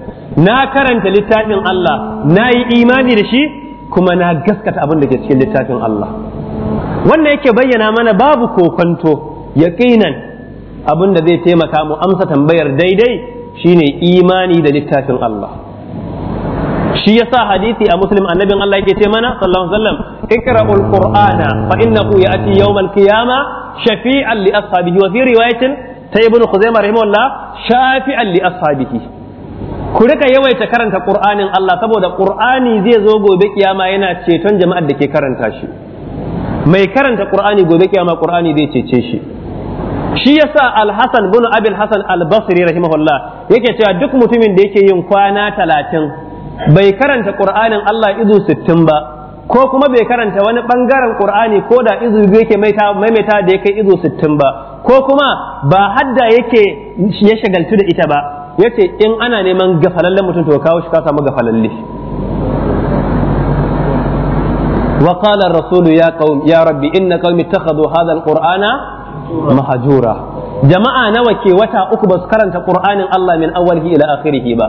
na karanta littafin Allah na yi imani da shi kuma na gaskata abin da ke cikin littafin Allah wanda yake bayyana mana babu kokonto yaqinan abin da zai taimaka mu amsa tambayar daidai shine imani da littafin Allah shi yasa hadisi a muslim annabin Allah yake ce mana sallallahu alaihi wasallam ikra'ul qur'ana fa innahu ya'ti yawmal qiyama shafi'an li ashabihi wa fi riwayatin ta ibnu khuzaimah rahimahullah shafi'an li ashabihi ku rika yawaita karanta qur'anin Allah saboda qur'ani zai zo gobe kiyama yana ceton jama'ar da ke karanta shi mai karanta qur'ani gobe kiyama qur'ani zai cece shi shi yasa al-Hasan bin Abi al-Hasan al-Basri rahimahullah yake cewa duk mutumin da yake yin kwana talatin bai karanta qur'anin Allah izu sittin ba ko kuma bai karanta wani ɓangaren qur'ani ko da izu biyu yake maimaita da ya kai izu sittin ba ko kuma ba hadda yake ya shagaltu da ita ba yace in ana neman gafalallen mutum to kawo shi ka samu gafalalle وقال الرسول يا قوم يا ربي إن قوم اتخذوا هذا القرآن مهجورا جماعة نوكي وتا أكبس كرنت قرآن الله من أوله إلى آخره با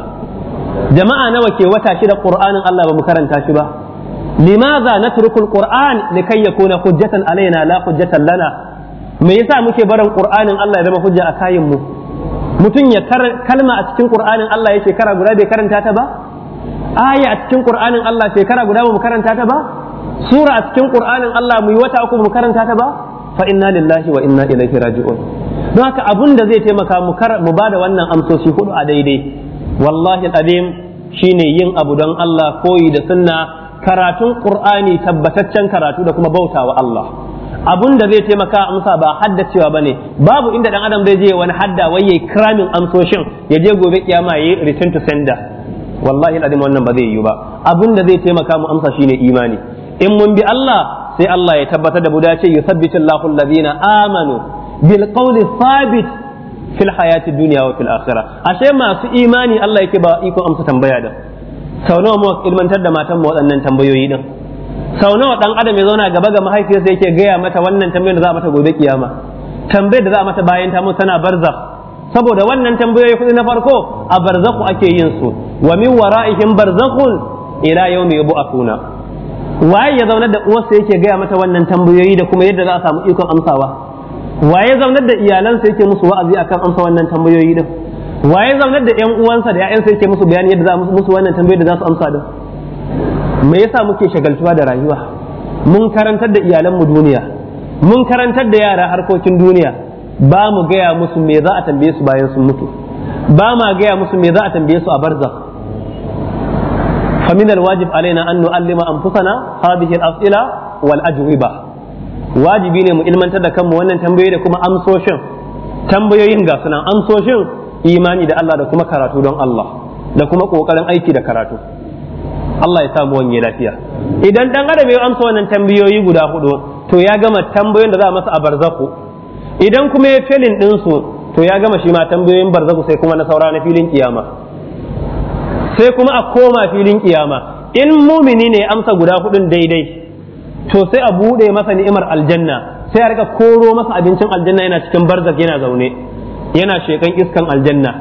jama'a nawa ke wata shida qur'anin Allah ba mu karanta shi ba limaza natruku alquran likay yakuna hujjatan alaina la hujjatan lana me yasa muke barin qur'anin Allah ya zama hujja a kayin mu mutum ya kalma a cikin qur'anin Allah ya shekara guda bai karanta ta ba aya a cikin qur'anin Allah shekara guda ba mu karanta ta ba sura a cikin qur'anin Allah mu yi wata uku mu karanta ta ba fa inna lillahi wa inna ilaihi raji'un don haka abun da zai taimaka mu ba da wannan amsoshi hudu a daidai wallahi al'azim shine yin abu don Allah koyi da sunna karatun qur'ani tabbataccen karatu da kuma bautawa Allah abun da zai taimaka amsa ba haddacewa bane babu inda dan adam zai je wani hadda wai yayi kramin amsoshin ya je gobe kiyama yayi return to sender wallahi al'azim wannan ba zai yi ba abun da zai taimaka mu amsa shine imani in mun bi Allah sai Allah ya tabbatar da mu dace yuthabbitu Allahu alladhina amanu bil qawli thabit fil hayati duniya wa fil akhirah ashe masu imani Allah yake ba iko amsa tambaya da sau nawa mu ilmantar da matan mu waɗannan tambayoyi din sau nawa dan adam ya zauna gaba ga mahaifiyarsa yake gaya mata wannan tambayar da za a mata gobe kiyama tambayar da za a mata bayan ta mutu tana barzakh saboda wannan tambayoyi kuɗi na farko a barzaku ake yin su wa min wara'ihim barzakhun ila yawmi yub'athuna waye ya zaunar da uwarsa yake gaya mata wannan tambayoyi da kuma yadda za a samu ikon amsawa waye zaunar da iyalansa yake musu wa'azi akan amsa wannan tambayoyi din waye zaunar da yan uwansa da ƴaƴansa yake musu bayani yadda za musu wannan tambayoyi da za su amsa din me yasa muke shagaltuwa da rayuwa mun karantar da iyalanmu duniya mun karantar da yara harkokin duniya ba mu gaya musu me za a tambaye su bayan sun mutu ba ma gaya musu me za a tambaye su a barza. barzakh فمن الواجب علينا أن نعلم أنفسنا هذه الأسئلة والأجوبة wajibi ne mu ilmantar da kanmu wannan tambayoyi da kuma amsoshin tambayoyin ga sunan amsoshin imani da Allah da kuma karatu don Allah da kuma kokarin aiki da karatu Allah ya samu wani lafiya idan dan adam ya amsa wannan tambayoyi guda hudu to ya gama tambayoyin da za a masa a barzaku idan kuma ya felin su to ya gama shi ma tambayoyin barzaku sai kuma na saura na filin kiyama sai kuma a koma filin kiyama in mumini ne amsa guda hudun daidai to sai a buɗe masa ni'imar aljanna sai a rika koro masa abincin aljanna yana cikin barzak yana zaune yana shekan iskan aljanna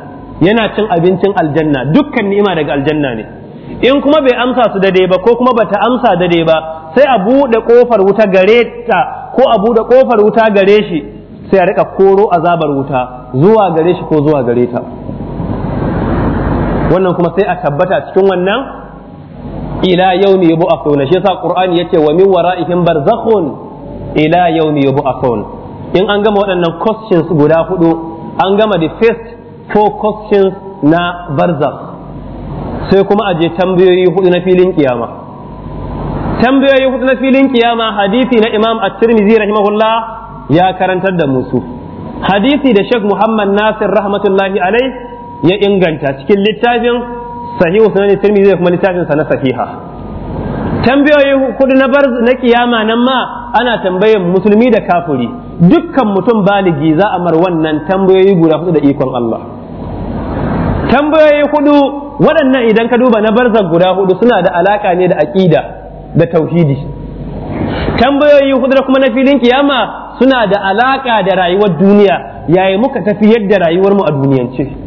yana cin abincin aljanna dukkan ni'ima daga aljanna ne in kuma bai amsa su dade ba ko kuma bata amsa dade ba sai a buɗe kofar wuta gare ta ko a buɗe kofar wuta gare shi sai a rika koro azabar wuta zuwa gare shi ko zuwa gare ta wannan kuma sai a tabbata cikin wannan ila yawmi yub'athun shi yasa qur'ani yace wa min wara'ihim barzakhun ila yawmi yub'athun in an gama waɗannan questions guda hudu an gama the first four questions na barzakh sai kuma aje tambayoyi hudu na filin kiyama tambayoyi hudu na filin kiyama hadisi na imam at-tirmidhi rahimahullah ya karantar da musu hadisi da Sheikh Muhammad Nasir rahmatullahi alai ya inganta cikin littafin sahihu sunan tirmidhi da kuma littafin sa na sahiha tambayoyi hudu na bar na kiyama nan ma ana tambayan musulmi da kafuri dukkan mutum baligi za a mar wannan tambayoyi guda hudu da ikon Allah tambayoyi hudu waɗannan idan ka duba na barzan guda hudu suna da alaka ne da aƙida da tauhidi tambayoyi hudu da kuma na filin kiyama suna da alaka da rayuwar duniya yayi muka tafi yadda rayuwar mu a duniyance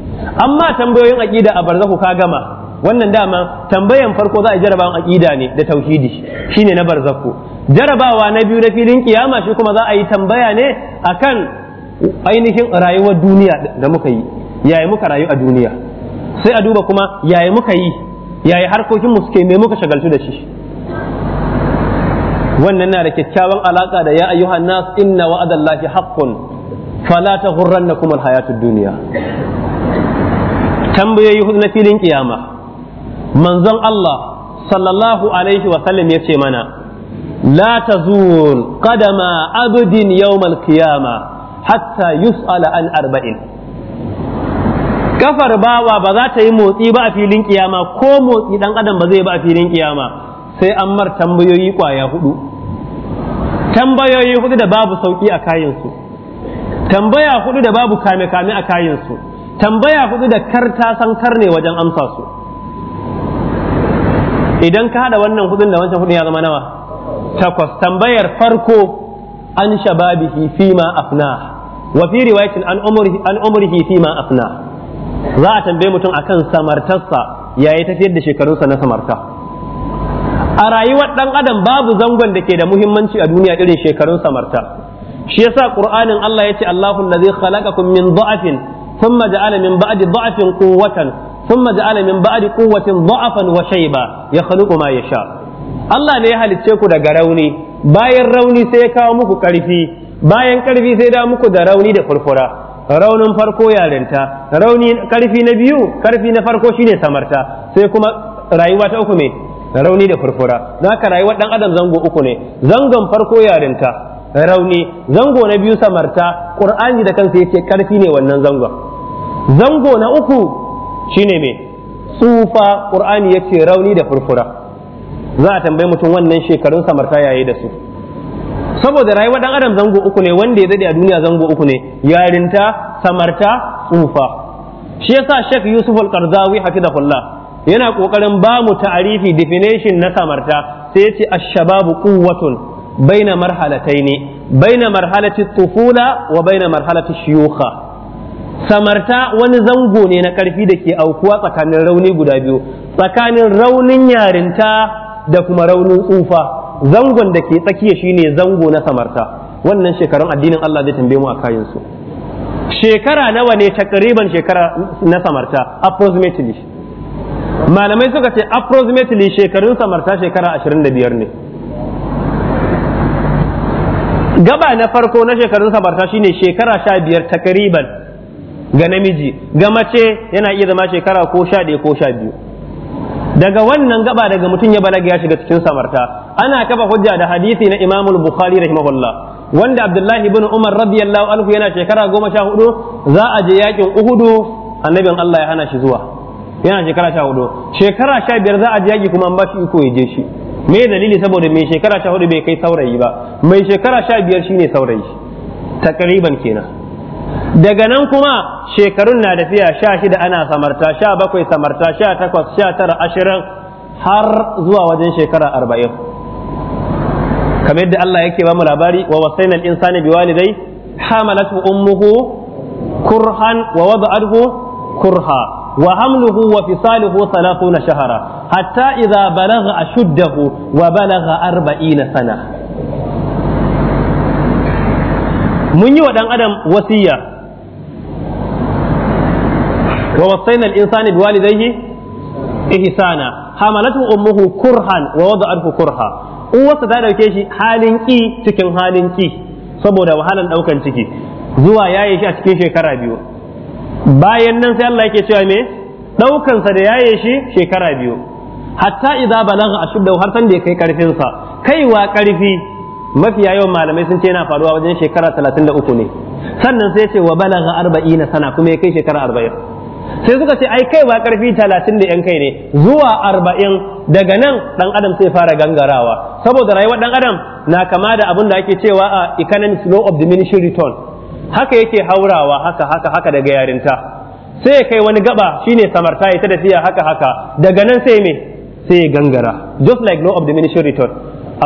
amma tambayoyin aqida a barzahu ka gama wannan dama tambayan farko za a jarabawan aqida ne da tauhidi shine na barzaku jarabawa na biyu na filin kiyama shi kuma za a yi tambaya ne akan ainihin rayuwar duniya da muka yi yayi muka rayu a duniya sai a duba kuma yayi muka yi yayi harkokin mu suke me muka shagaltu da shi wannan na da kyakkyawan alaka da ya ayyuhan nas inna wa'adallahi haqqun fala taghurrannakum alhayatud duniya. tambayoyi hudu na filin kiyama manzon Allah sallallahu alaihi wa sallam ya ce mana la tazur qadama abdin yawmal qiyama hatta yus'ala an arba'in kafar bawa ba za ta yi motsi ba a filin kiyama ko motsi dan adam ba zai ba a filin kiyama sai an mar tambayoyi kwaya hudu tambayoyi hudu da babu sauki a kayansu tambaya hudu da babu kame kame a kayansu tambaya hudu da kar ta san kar wajen amsa su idan ka hada wannan hudun da wancan hudun ya zama nawa takwas tambayar farko an shababihi ma afna wa fi riwayatin an umrihi an umrihi ma afna za a tambaye mutum akan samartarsa yayi tafiyar da shekarunsa na samarta a rayuwar dan adam babu zangon da ke da muhimmanci a duniya irin shekarun samarta shi yasa qur'anin Allah yace Allahu allazi khalaqakum min dha'fin ثم جعل من بعد ضعف قوة ثم جعل من بعد قوة ضعفا وشيبا يخلق ما يشاء Allah ne ya halicce ku daga rauni bayan rauni sai ya kawo muku karfi bayan karfi sai da muku da rauni da furfura raunin farko yarinta rauni karfi na biyu karfi na farko shine samarta sai kuma rayuwa ta uku me rauni da furfura don haka rayuwar dan adam zango uku ne zangon farko yarinta rauni zango na biyu samarta ƙur'ani da kansa yace karfi ne wannan zangon zango na uku shine me tsufa qur'ani yace rauni da furfura za a tambayi mutum wannan shekarun samarta yayi da su saboda rayuwar dan adam zango uku ne wanda ya daɗe a duniya zango uku ne yarinta samarta tsufa shi yasa Sheikh Yusuf Al-Qardawi hafizahullah yana kokarin ba mu ta'arifi definition na samarta sai ya yace ash-shababu quwwatun بين مرحلتين بين مرحلة الطفولة wa مرحلة الشيوخة سمرتا samarta wani zango ne na karfi da ke aukuwa tsakanin rauni guda biyu tsakanin raunin yarinta da kuma raunin tsufa zangon da ke zango na samarta wannan shekarun addinin Allah zai tambaye mu a kayansu shekara nawa ne takriban shekara na samarta approximately malamai suka ce approximately shekarun samarta shekara 25 ne gaba na farko na shekarun sabarta shine shekara sha biyar takriban ga namiji ga mace yana iya zama shekara ko sha ɗaya ko sha biyu daga wannan gaba daga mutum ya balaga ya shiga cikin samarta ana kafa hujja da hadisi na Imamul Bukhari rahimahullah wanda Abdullahi bin Umar radiyallahu anhu yana shekara goma sha hudu za a je yakin Uhudu annabin Allah ya hana shi zuwa yana shekara sha hudu shekara sha biyar za a je yaki kuma an ba shi iko ya je shi me dalili saboda mai shekara sha hudu bai kai saurayi ba mai shekara sha biyar shine saurayi takriban kenan daga nan kuma shekarun na tafiya sha shida ana samarta sha bakwai samarta sha takwas sha tara ashirin har zuwa wajen shekara arba'in kamar yadda Allah yake ba mu labari wa wasainal insani biwalidai hamalatu ummuhu kurhan wa wada'athu kurha وحمله وفصاله ثلاثون شهرا حتى إذا بلغ أشده وبلغ أربعين سنة من يودن أدم وصية ووصينا الإنسان بوالديه إحسانا حملته أمه كرها ووضعته كرها uwarsa ta dauke shi halin ƙi cikin halin ƙi saboda wahalan ɗaukan ciki zuwa yaye shi a cikin shekara biyu bayan nan sai Allah yake cewa me ɗaukansa da yaye shi shekara biyu hatta idza balagha ashuddahu har san da ya kai karfin sa kaiwa karfi mafiya yawan malamai sun ce yana faruwa wajen shekara 33 ne sannan sai ce wa balagha 40 sana kuma ya kai shekara 40 sai suka ce ai kaiwa karfi 30 da yan kai ne zuwa 40 daga nan dan adam sai fara gangarawa saboda rayuwar dan adam na kama da abin da ake cewa a economic law of diminishing return haka yake haurawa haka haka haka daga yarinta sai ya kai wani gaba shine samarta ita da tiya haka haka daga nan sai me sai ya gangara just like law of diminishing return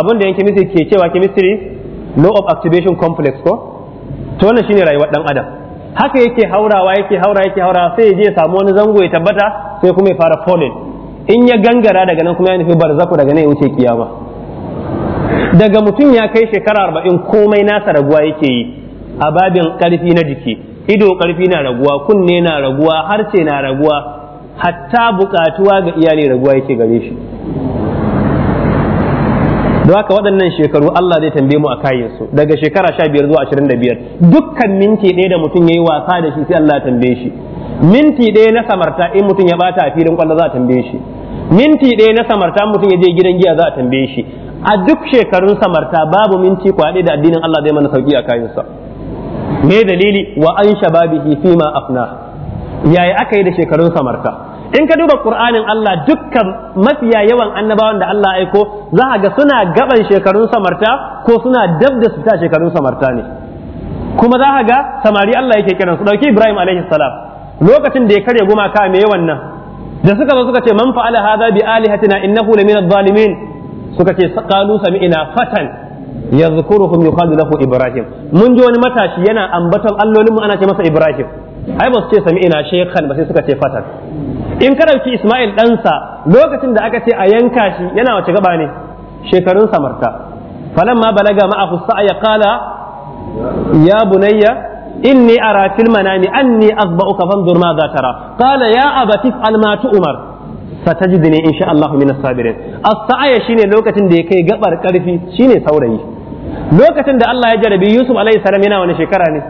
abin da yanke misi ke cewa chemistry law of activation complex ko to wannan shine rayuwar dan adam haka yake haurawa yake haura yake haura sai ya je ya samu wani zango ya tabbata sai kuma ya fara falling in ya gangara daga nan kuma ya nufi barzaku daga nan ya wuce kiyama daga mutum ya kai shekara arba'in komai nasa raguwa yake yi a babin ƙarfi na jiki ido ƙarfi na raguwa kunne na raguwa harce na raguwa hatta buƙatuwa ga iyali raguwa yake gare shi don haka waɗannan shekaru Allah zai tambaye mu a kayansu daga shekara 15 zuwa 25, dukkan minti ɗaya da mutum ya yi wasa da shi sai Allah ya tambaye shi minti ɗaya na samarta in mutum ya bata a filin kwallo za a tambaye shi minti ɗaya na samarta mutum ya je gidan giya za a tambaye shi a duk shekarun samarta babu minti kwaɗe da addinin Allah zai mana sauki a kayansa me dalili wa an shababihi ma afna yaya aka yi da shekarun samarta in ka duba qur'anin Allah dukkan mafiya yawan annabawan da Allah aiko za a ga suna gaban shekarun samarta ko suna dab da su ta shekarun samarta ne kuma za a ga samari Allah yake kiran su dauki Ibrahim alaihi salam lokacin da ya kare gumaka me yawan nan da suka zo suka ce man fa'ala hadha bi alihatina innahu lamina adh-dhalimin suka ce qalu sami'na fatan yadhkuruhum yuqalu lahu ibrahim mun ji wani matashi yana ambaton allolin mu ana ce masa ibrahim ai ba su ce sami ina shekhan ba sai suka ce fatan in ka dauki isma'il ɗansa lokacin da aka ce a yanka shi yana wace gaba ne shekarun samarta falamma balaga ma'ahu ya qala ya bunayya inni ara fil manami anni azba'uka fanzur ma za tara qala ya abati fa'al ma tu'mar satajidni insha Allah min as-sabirin as shine lokacin da ya kai gabar karfi shine saurayi lokacin da Allah ya jarabi Yusuf alayhi salam yana wani shekara ne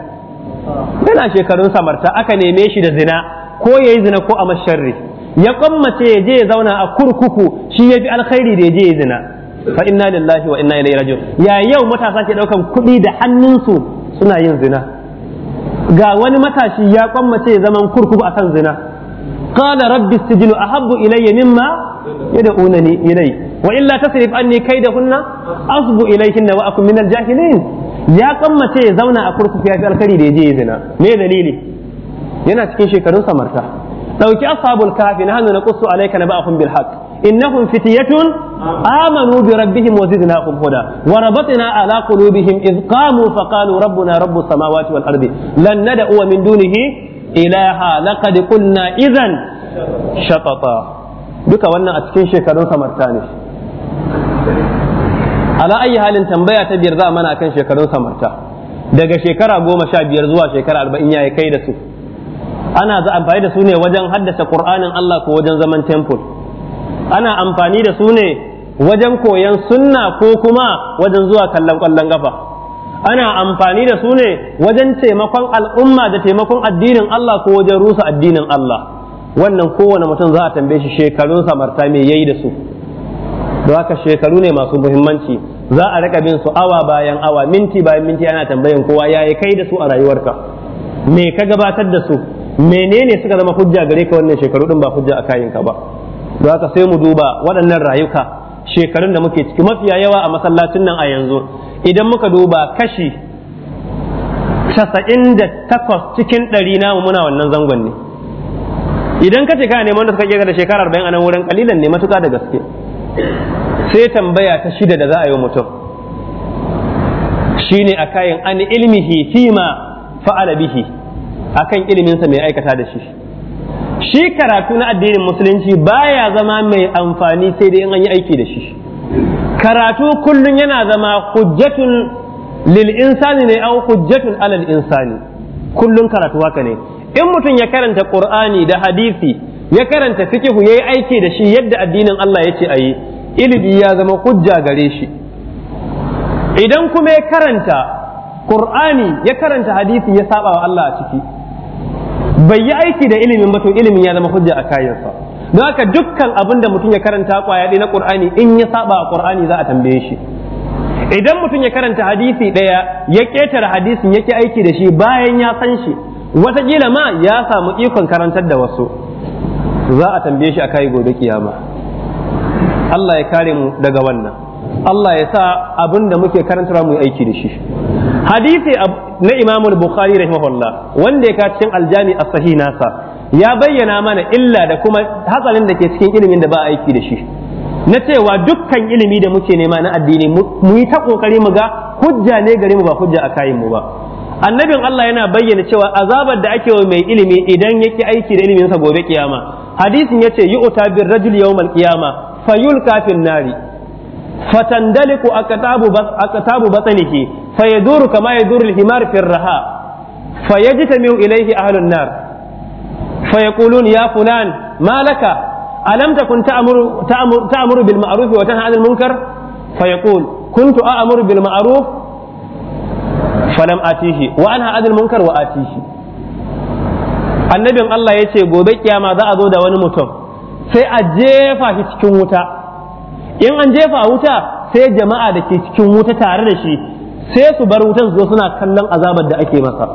yana shekarun samarta aka neme shi da zina ko yayi zina ko a masharri ya kwammace ya je ya zauna a kurkuku shi ya fi alkhairi da ya je ya zina fa inna lillahi wa inna ilaihi raji'un ya yau matasa ke daukan kuɗi da hannunsu suna yin zina ga wani matashi ya kwammace zaman kurkuku akan zina qala rabbi sijinu ahabbu ilayya mimma yad'unani ilayhi wa illa tasrif anni kaidahunna asbu ilayhinna wa akun minal jahilin ya kammace ya zauna a kurkuku ya fi alkari da ya je zina me dalili yana cikin shekarun samarta dauki ashabul kahfi nahnu naqussu alayka naba'ahum bil haqq innahum fityatun amanu bi rabbihim wa zidnahum huda wa rabatna ala qulubihim id qamu fa qalu rabbuna rabbus samawati wal ardi lan nad'u min dunihi ilaha laqad qulna idhan shatata duka wannan a cikin shekarun samarta ne ala ayi halin tambaya ta biyar za a mana akan shekarun samarta daga shekara goma sha biyar zuwa shekara arba'in ya kai da su ana za amfani da su ne wajen haddasa qur'anin Allah ko wajen zaman temple ana amfani da su ne wajen koyan sunna ko kuma wajen zuwa kallon kwallon gafa ana amfani da su ne wajen taimakon al'umma da taimakon addinin Allah ko wajen rusa addinin Allah wannan kowane mutum za a tambaye shi shekarun samarta me yayi da su don haka shekaru ne masu muhimmanci za a raka bin su awa bayan awa minti bayan minti ana tambayan kowa ya yi kai da su a rayuwarka me ka gabatar da su menene suka zama hujja gare ka wannan shekaru din ba hujja a kayanka ba don haka sai mu duba waɗannan rayuka shekarun da muke ciki mafiya yawa a masallacin nan a yanzu idan muka duba kashi casa'in da takwas cikin ɗari namu muna wannan zangon ne idan ka ce kana neman da suka ƙirga da shekara arba'in a nan wurin kalilan ne matuƙa da gaske sai tambaya ta shida da za a yi mutum shine a kayan an ilmihi fima fa'ala bihi akan iliminsa mai aikata da shi shi karatu na addinin musulunci baya zama mai amfani sai dai an yi aiki da shi karatu kullum yana zama hujjatun lil'insani insani ne au hujjatun alal insani kullum karatu haka ne in mutum ya karanta ƙur'ani da hadisi ya karanta fikihu yayi aiki da shi yadda addinin Allah a ayi ilimi ya zama hujja gare shi idan kuma ya karanta Qur'ani ya karanta hadisi ya saba wa Allah a ciki bai yi aiki da ilimin ba to ilimin ya zama hujja a kayansa don haka dukkan abin da mutum ya karanta kwaya na Qur'ani in ya saba wa Qur'ani za a tambaye shi idan mutum ya karanta hadisi ɗaya ya ƙetare hadisin yake aiki da shi bayan ya san shi gila ma ya samu ikon karantar da wasu za a tambaye shi a kai gobe kiyama Allah ya kare mu daga wannan Allah ya sa abin da muke karanta mu aiki da shi hadisi na Imam Bukhari rahimahullah wanda ya ka cikin aljami as-sahih nasa ya bayyana mana illa da kuma hatsarin da ke cikin ilimin da ba aiki da shi na cewa dukkan ilimi da muke nema na addini mu yi ta kokari mu ga hujja ne gare mu ba hujja a kayan mu ba annabin Allah yana bayyana cewa azabar da ake wa mai ilimi idan yake aiki da iliminsa gobe kiyama hadisin ya ce yace yu'ta bir rajul yawmal qiyama fayulka fin nari fatandaliku aqtabu bas aqtabu batnihi fayaduru kama ya al-himar fi raha fayajtamiu ilayhi ahlun nar fayaqulun ya fulan ma laka alam takun ta'muru ta'muru bil ma'ruf wa tanha 'anil munkar fayaqul kuntu a'muru bil ma'aruf? falam atihi wa anha 'anil munkar wa atihi annabin Allah ya ce gobe kiyama za a zo da wani mutum sai a jefa shi cikin wuta in an jefa wuta sai jama'a da ke cikin wuta tare da shi sai su bar wutan su zo suna kallon azabar da ake masa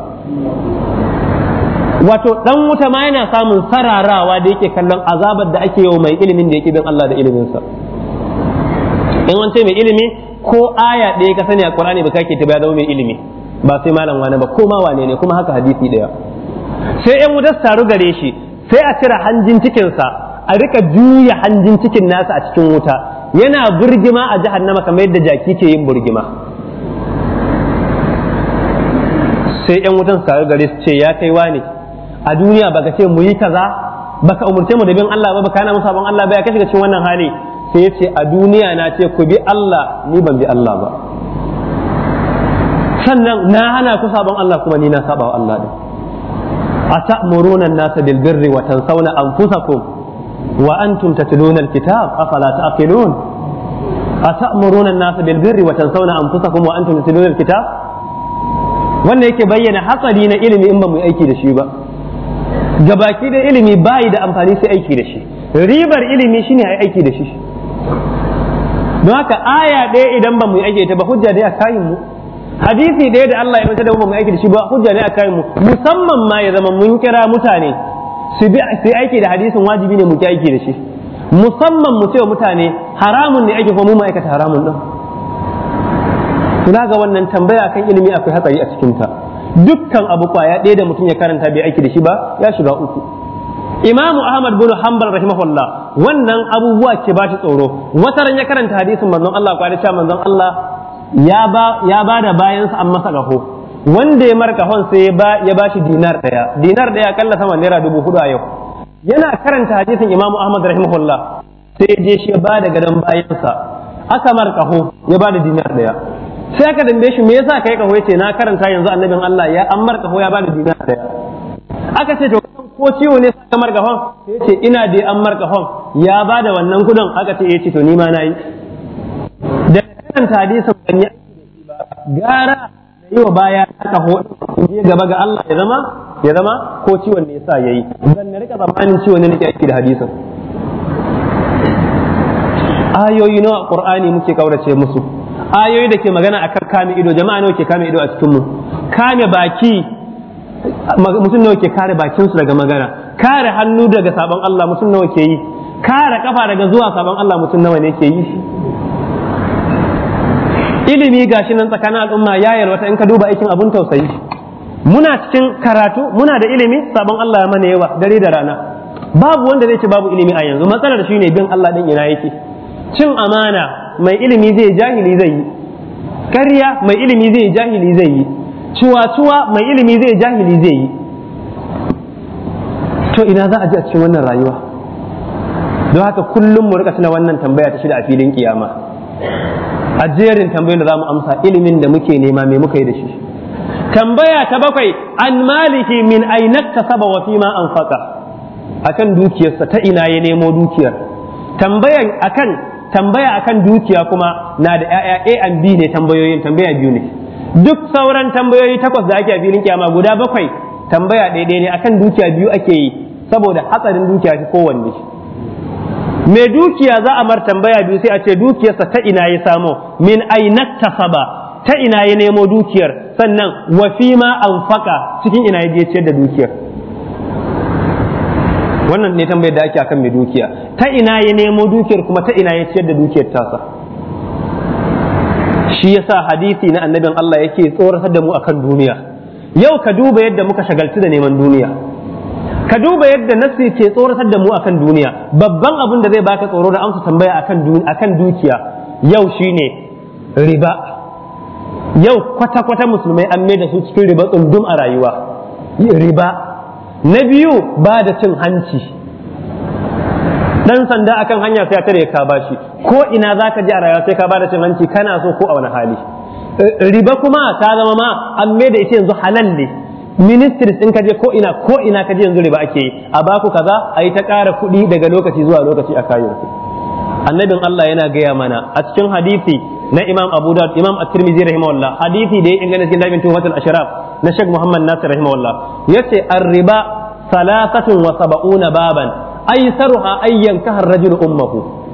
wato dan wuta ma yana samun sararawa da yake kallon azabar da ake yau mai ilimin da yake bin Allah da iliminsa in an ce mai ilimi ko aya ɗaya ka sani a Qur'ani ba kake ta ba zama mai ilimi ba sai malam wani ba ko ma wane ne kuma haka hadisi ɗaya sai yan wuta su taru gare shi sai a cire hanjin cikinsa a rika juya hanjin cikin nasa a cikin wuta yana burgima a jahannama kamar yadda jaki ke yin burgima sai yan wutan su taru gare su ce ya kai wani a duniya baka ce mu yi kaza baka umurce mu da bin Allah ba baka yana mu sabon Allah ba ya kashi cikin wannan hali sai ya ce a duniya na ce ku bi Allah ni ban bi Allah ba sannan na hana ku sabon Allah kuma ni na saba wa Allah din أتأمرون الناس بالبر وتنسون أنفسكم وأنتم تتلون الكتاب أفلا تأكلون أتأمرون الناس بالبر وتنسون أنفسكم وأنتم تتلون الكتاب wannan yake bayyana hatsari na ilimi in ba mu aiki da shi ba gabaki da ilimi bayi da amfani sai aiki da shi ribar ilimi shine ai aiki da shi don haka aya ɗaya idan ba mu aiki ta ba hujja dai a kayin mu hadisi da da Allah ya manta da mu aiki da shi ba hujja ne akan mu musamman ma ya zama mun kira mutane su bi su aiki da hadisin wajibi ne mu ki aiki da shi musamman mu ce mutane haramun ne ake ko mu ma'aikata haramun din kuna ga wannan tambaya kan ilimi akwai hatsari a cikin ta dukkan abu kwaya ɗaya da mutum ya karanta bai aiki da shi ba ya shiga uku imamu ahmad bin hanbal rahimahullah wannan abubuwa ce ba shi tsoro wata ya karanta hadisin manzon Allah kwalice manzon Allah ya ba da bayansa an masa ƙaho wanda ya marka hon sai ya ba shi dinar ɗaya dinar ɗaya kalla sama naira dubu hudu a yau yana karanta hadisin imamu ahmad rahimahullah sai je shi ya ba da gadon bayansa aka marka ho ya ba da dinar ɗaya sai aka dambe shi me yasa kai ƙaho ya ce na karanta yanzu annabin allah ya an marka ho ya ba da dinar daya aka ce to ko ciwo ne ka marka hon sai ce ina dai an marka hon, ya ba da wannan kudin aka ce ya eh, ce to ni ma na yi kanta hadisa ban yi aiki da shi ba gara da yi wa baya haka hoɗin je gaba ga Allah ya zama ya zama ko ciwon ne yasa yayi zan na rika zamanin ciwon ne nake aiki da hadisin ayoyi nawa qur'ani muke kaurace musu ayoyi da ke magana a kan kame ido jama'a nawa ke kame ido a cikin mu kame baki mutum nawa ke kare bakin su daga magana kare hannu daga sabon Allah mutum nawa ke yi kare kafa daga zuwa sabon Allah mutum nawa ne ke yi ilimi ga shi nan tsakanin al'umma ya yalwata in ka duba aikin abun tausayi muna cikin karatu muna da ilimi sabon Allah ya mana yawa dare da rana babu wanda zai ce babu ilimi a yanzu matsalar shi ne bin Allah din ina yake cin amana mai ilimi zai jahili zai yi ƙarya mai ilimi zai jahili zai yi cuwa-cuwa mai ilimi zai jahili zai yi to ina za a ji a cikin wannan rayuwa don haka kullum mu rika tuna wannan tambaya ta shida a filin kiyama a jerin tambayoyin da za mu amsa ilimin da muke nema me muka yi da shi tambaya ta bakwai an maliki min ainat saba wa fima a akan dukiyarsa ta ina ya nemo dukiyar tambayan akan tambaya akan dukiya kuma na da ƴaƴa A and B ne tambayoyin tambaya biyu ne duk sauran tambayoyi takwas da ake a filin kiyama guda bakwai tambaya ɗaya ne akan dukiya biyu ake yi saboda hatsarin dukiya kowanne mai dukiya za a mar tambaya biyu sai a ce dukiyarsa ta ina ya samo min ainat saba ta ina ya nemo dukiyar sannan wa fi ma anfaqa cikin ina ya je ciyar da dukiyar wannan ne tambayar da ake akan mai dukiya ta ina ya nemo dukiyar kuma ta ina ya ciyar da dukiyar tasa shi yasa hadisi na annabin Allah yake tsoratar da mu akan duniya yau ka duba yadda muka shagaltu da neman duniya ka duba yadda nasi ke tsoratar da mu akan duniya babban abin da zai baka tsoro da amsa tambaya akan akan dukiya yau shine riba yau kwata kwata musulmai an mai da su cikin riba tsundum a rayuwa riba na biyu ba da cin hanci dan sanda akan hanya sai a tare ka bashi ko ina zaka ji a rayuwa sai ka ba da cin hanci kana so ko a wani hali eh, riba kuma ta zama ma an mai da ita yanzu halal ne ministries in kaje ko ina ko ina kaje yanzu riba ake yi a baku kaza a yi ta kara kuɗi daga lokaci zuwa lokaci a kayan ku annabin Allah yana gaya mana a cikin hadisi na Imam Abu Dawud Imam At-Tirmidhi rahimahullah hadisi da ya inganta cikin dabin tufatul ashraf na Sheikh Muhammad Nasir rahimahullah yace ar-riba salatatun wa sab'una baban aysaruha ayyan kahar rajul ummuhu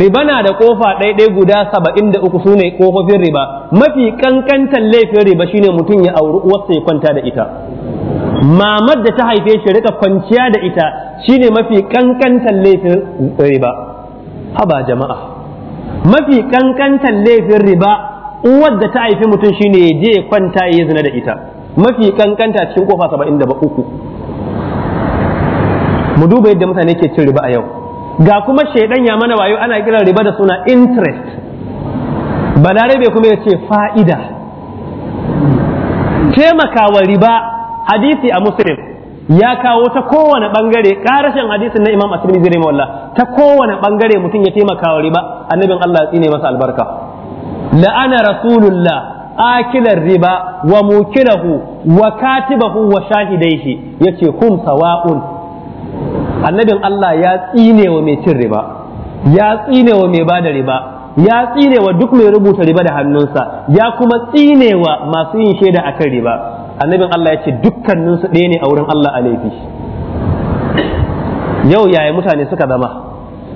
riba na da kofa ɗaiɗai guda saba'in da uku sune kofofin riba mafi kankantan laifin riba shine mutum ya auri uwarsa ya kwanta da ita mamar da ta haife shi rika kwanciya da ita shine mafi kankantan laifin riba haba jama'a mafi kankantan laifin riba uwar da ta haifi mutum shine ya je kwanta ya zina da ita mafi kankanta cikin kofa saba'in da uku mu duba yadda mutane ke cin riba a yau ga kuma shaidan ya mana wayo ana kiran riba da suna interest balarabe kuma ya ce fa'ida taimakawa riba hadisi a muslim ya kawo ta kowane bangare karashin hadisin na imam asirin zirin wallah ta kowane bangare mutum ya taimakawa riba annabin allah ya tsine masa albarka la'ana rasulullah akilar riba wa mukilahu wa katibahu wa shahidaihi yace kun sawa'un annabin Allah ya tsine wa mai cin riba ya tsine wa mai da riba ya tsine wa duk mai rubuta riba da hannunsa ya kuma tsine wa masu yin shaida kan riba annabin Allah ya ce dukkaninsu ɗaya ne a wurin Allah a laifi yau yaya mutane suka zama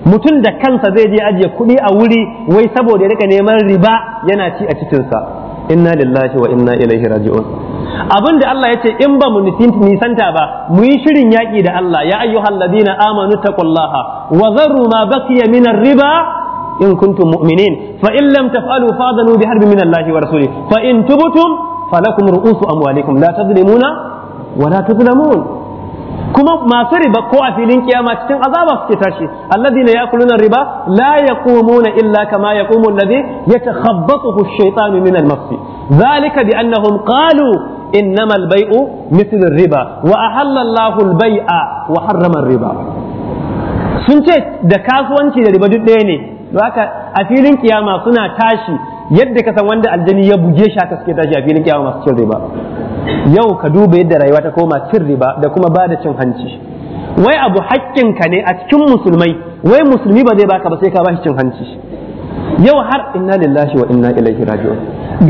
mutum da kansa zai je ajiye kuɗi a wuri wai saboda ya rika neman riba yana ci a cikinsa inna lillahi wa inna ilaihi raji'un abin da Allah ya ce in ba mu nisanta ba mu yi shirin yaƙi da Allah ya ayyuhal ladina amanu taqullaha wa zarru ma baqiya min riba in kuntum mu'minin fa in lam taf'alu fadanu bi harbin min Allah wa rasulih fa in tubtum falakum ru'usu amwalikum la tadlimuna wa la tudlamun kuma masu riba ko a filin kiyama cikin azaba suke tashi ya yakuluna riba la yaqumuna illa kama yaqumu alladhi yatakhabbathu ash-shaytanu min al-mass zalika bi annahum qalu innama البيع baiu الربا riba الله البيع وحرم الربا riba sun ce da kasuwanci da riba duk ɗaya ne don haka a filin kiyama suna tashi yadda ka san wanda aljani ya buge shi haka suke tashi a filin kiyama masu cin riba yau ka duba yadda rayuwa ta koma cin riba da kuma ba da cin hanci wai abu haƙƙinka ne a cikin musulmai wai musulmi ba zai baka ba sai ka ba shi cin hanci yau har inna lillahi wa inna ilaihi raji'un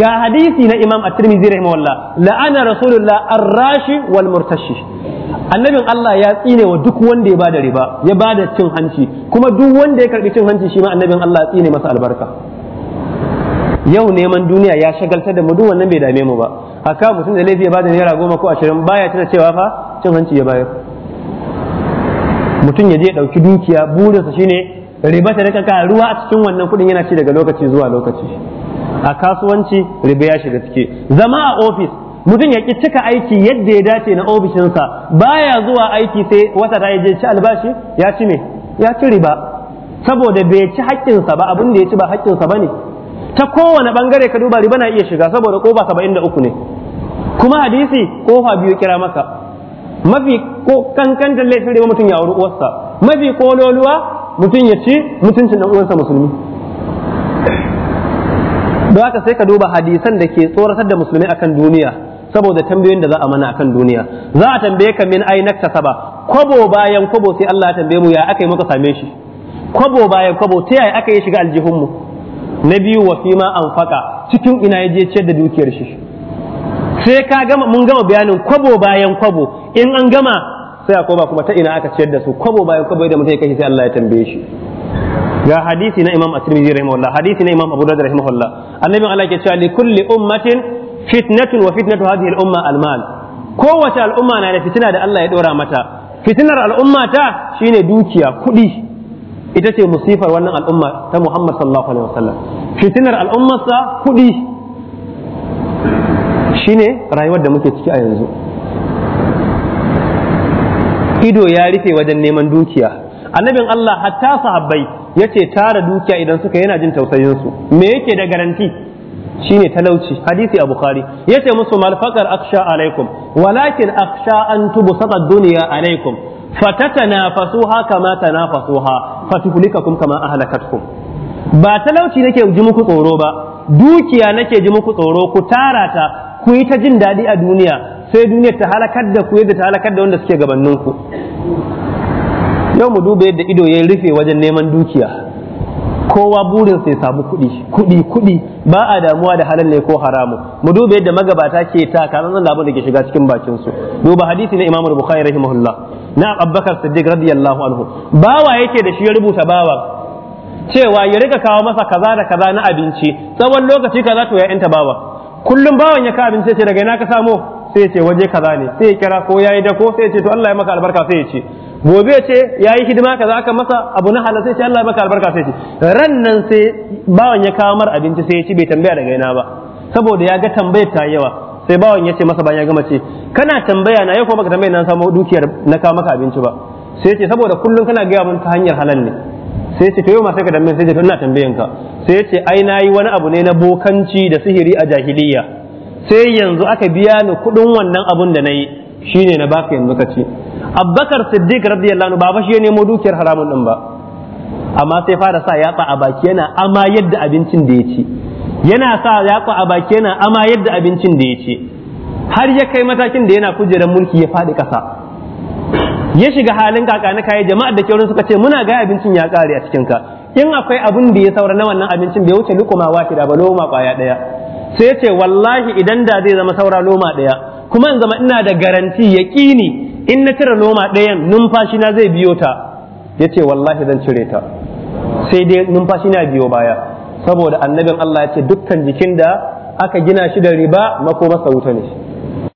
ga hadisi na imam at-tirmidhi rahimahullah la'ana rasulullah ar-rashi wal murtashi annabin Allah ya tsine wa duk wanda ya bada riba ya bada cin hanci kuma duk wanda ya karbi cin hanci shi ma annabin Allah ya tsine masa albarka yau neman duniya ya shagaltar da mu duk wannan bai dame mu ba haka mutum da laifi ya bada naira goma ko ashirin baya tana cewa fa cin hanci ya bayar mutum ya je ya ɗauki dukiya burinsa shine riba ta rika ruwa a cikin wannan kuɗin yana ci daga lokaci zuwa lokaci a kasuwanci riba ya shiga ciki zama a ofis mutum ya ki cika aiki yadda ya dace na ofishinsa baya zuwa aiki sai wata ta je ci albashi ya ci me ya ci riba saboda bai ci haƙƙinsa ba abin da ya ci ba haƙƙinsa ba ne ta kowane bangare ka duba riba na iya shiga saboda ƙofa saba'in da uku ne kuma hadisi ƙofa biyu kira maka mafi kankan da laifin riba mutum ya auri uwarsa mafi kololuwa mutum ya ci mutuncin ɗan'uwansa musulmi don haka sai ka duba hadisan da ke tsoratar da musulmi akan duniya saboda tambayoyin da za a mana akan duniya za a tambaye ka min ai saba kwabo bayan kwabo sai Allah ya tambaye mu ya aka yi muka same shi kwabo bayan kwabo ta yaya aka yi shiga aljihun mu na biyu wa fi ma cikin ina ya je ciyar da dukiyar shi sai ka gama mun gama bayanin kwabo bayan kwabo in an gama sai a koma kuma ta ina aka ciyar da su kwabo bayan kwabo da mutum ya kashe sai Allah ya tambaye shi ga hadisi na Imam At-Tirmidhi rahimahullah hadisi na Imam Abu Dawud rahimahullah annabi Allah ke cewa li kulli ummatin fitnatun wa fitnatu hadhihi al-umma al-mal kowace al'umma na da fitina da Allah ya dora mata fitinar al'umma ta shine dukiya kuɗi ita ce musifar wannan al'umma ta Muhammad sallallahu alaihi wasallam fitinar al'ummarsa kuɗi shine rayuwar da muke ciki a yanzu ido ya rufe wajen neman dukiya annabin Allah hatta sahabbai yace tara dukiya idan suka yana jin tausayin su me yake da garanti shine talauci hadisi a bukhari yace musu mal faqar alaikum walakin aksha an tubu ad-dunya alaikum fatatanafasuha kama tanafasuha fatuhlikakum kama ahlakatkum ba talauci nake ji muku tsoro ba dukiya nake ji muku tsoro ku tara ta ku yi ta jin daɗi a duniya sai duniyar ta halakar da ku yadda ta halakar da wanda suke gabanin ku yau mu duba yadda ido ya rufe wajen neman dukiya kowa burin sai samu kuɗi kuɗi kuɗi ba a damuwa da halal ne ko haramu mu duba yadda magabata ke ta kanan labarin da ke shiga cikin bakin su duba hadisi na Imam Bukhari rahimahullah na Abubakar Siddiq radiyallahu anhu bawa yake da shi ya rubuta bawa cewa ya rika kawo masa kaza da kaza na abinci tsawon lokaci kaza to ya yanta bawa kullum bawan ya ka abinci ce daga ina ka samo sai ce waje kaza ne sai ya kira ko yayi dako sai ce to Allah ya maka albarka sai ya ce gobe ya ce yayi hidima kaza aka masa abu na halal sai ce Allah ya maka albarka sai ya ce Rannan sai bawan ya kawo mar abinci sai ya ci bai tambaya daga ina ba saboda ya ga tambayar ta yawa sai bawan ya ce masa bayan ya gama ce kana tambaya na yau kuma baka tambaya na samu dukiyar na kawo maka abinci ba sai ce saboda kullum kana gaya mun ta hanyar halal ne sai ce to yau ma sai ka tambaye sai ce to ina tambayanka ka sai ce ai nayi wani abu ne na bokanci da sihiri a jahiliyya sai yanzu aka biya ni kuɗin wannan abun da na yi shine na baka yanzu ka ci abbakar siddiq radiyallahu ba ba shi ya nemo dukiyar haramun din ba amma sai fara sa yatsa a baki yana ama yadda abincin da ya ci yana sa yatsa a baki yana ama yadda abincin da ya ci har ya kai matakin da yana kujerar mulki ya faɗi kasa ya shiga halin kaka na kayi jama'ar da kyaurin suka ce muna ga abincin ya kare a cikin ka in akwai abin da ya saura na wannan abincin bai wuce lukuma wahida ba loma kwaya daya sai ce wallahi idan da zai zama saura loma daya kuma in zama ina da garanti ya yaqini in na cire loma dayan numfashi na zai biyo ta Ya ce wallahi zan cire ta sai dai numfashi na biyo baya saboda annabin Allah ya ce dukkan jikin da aka gina shi da riba makomarsa wuta ne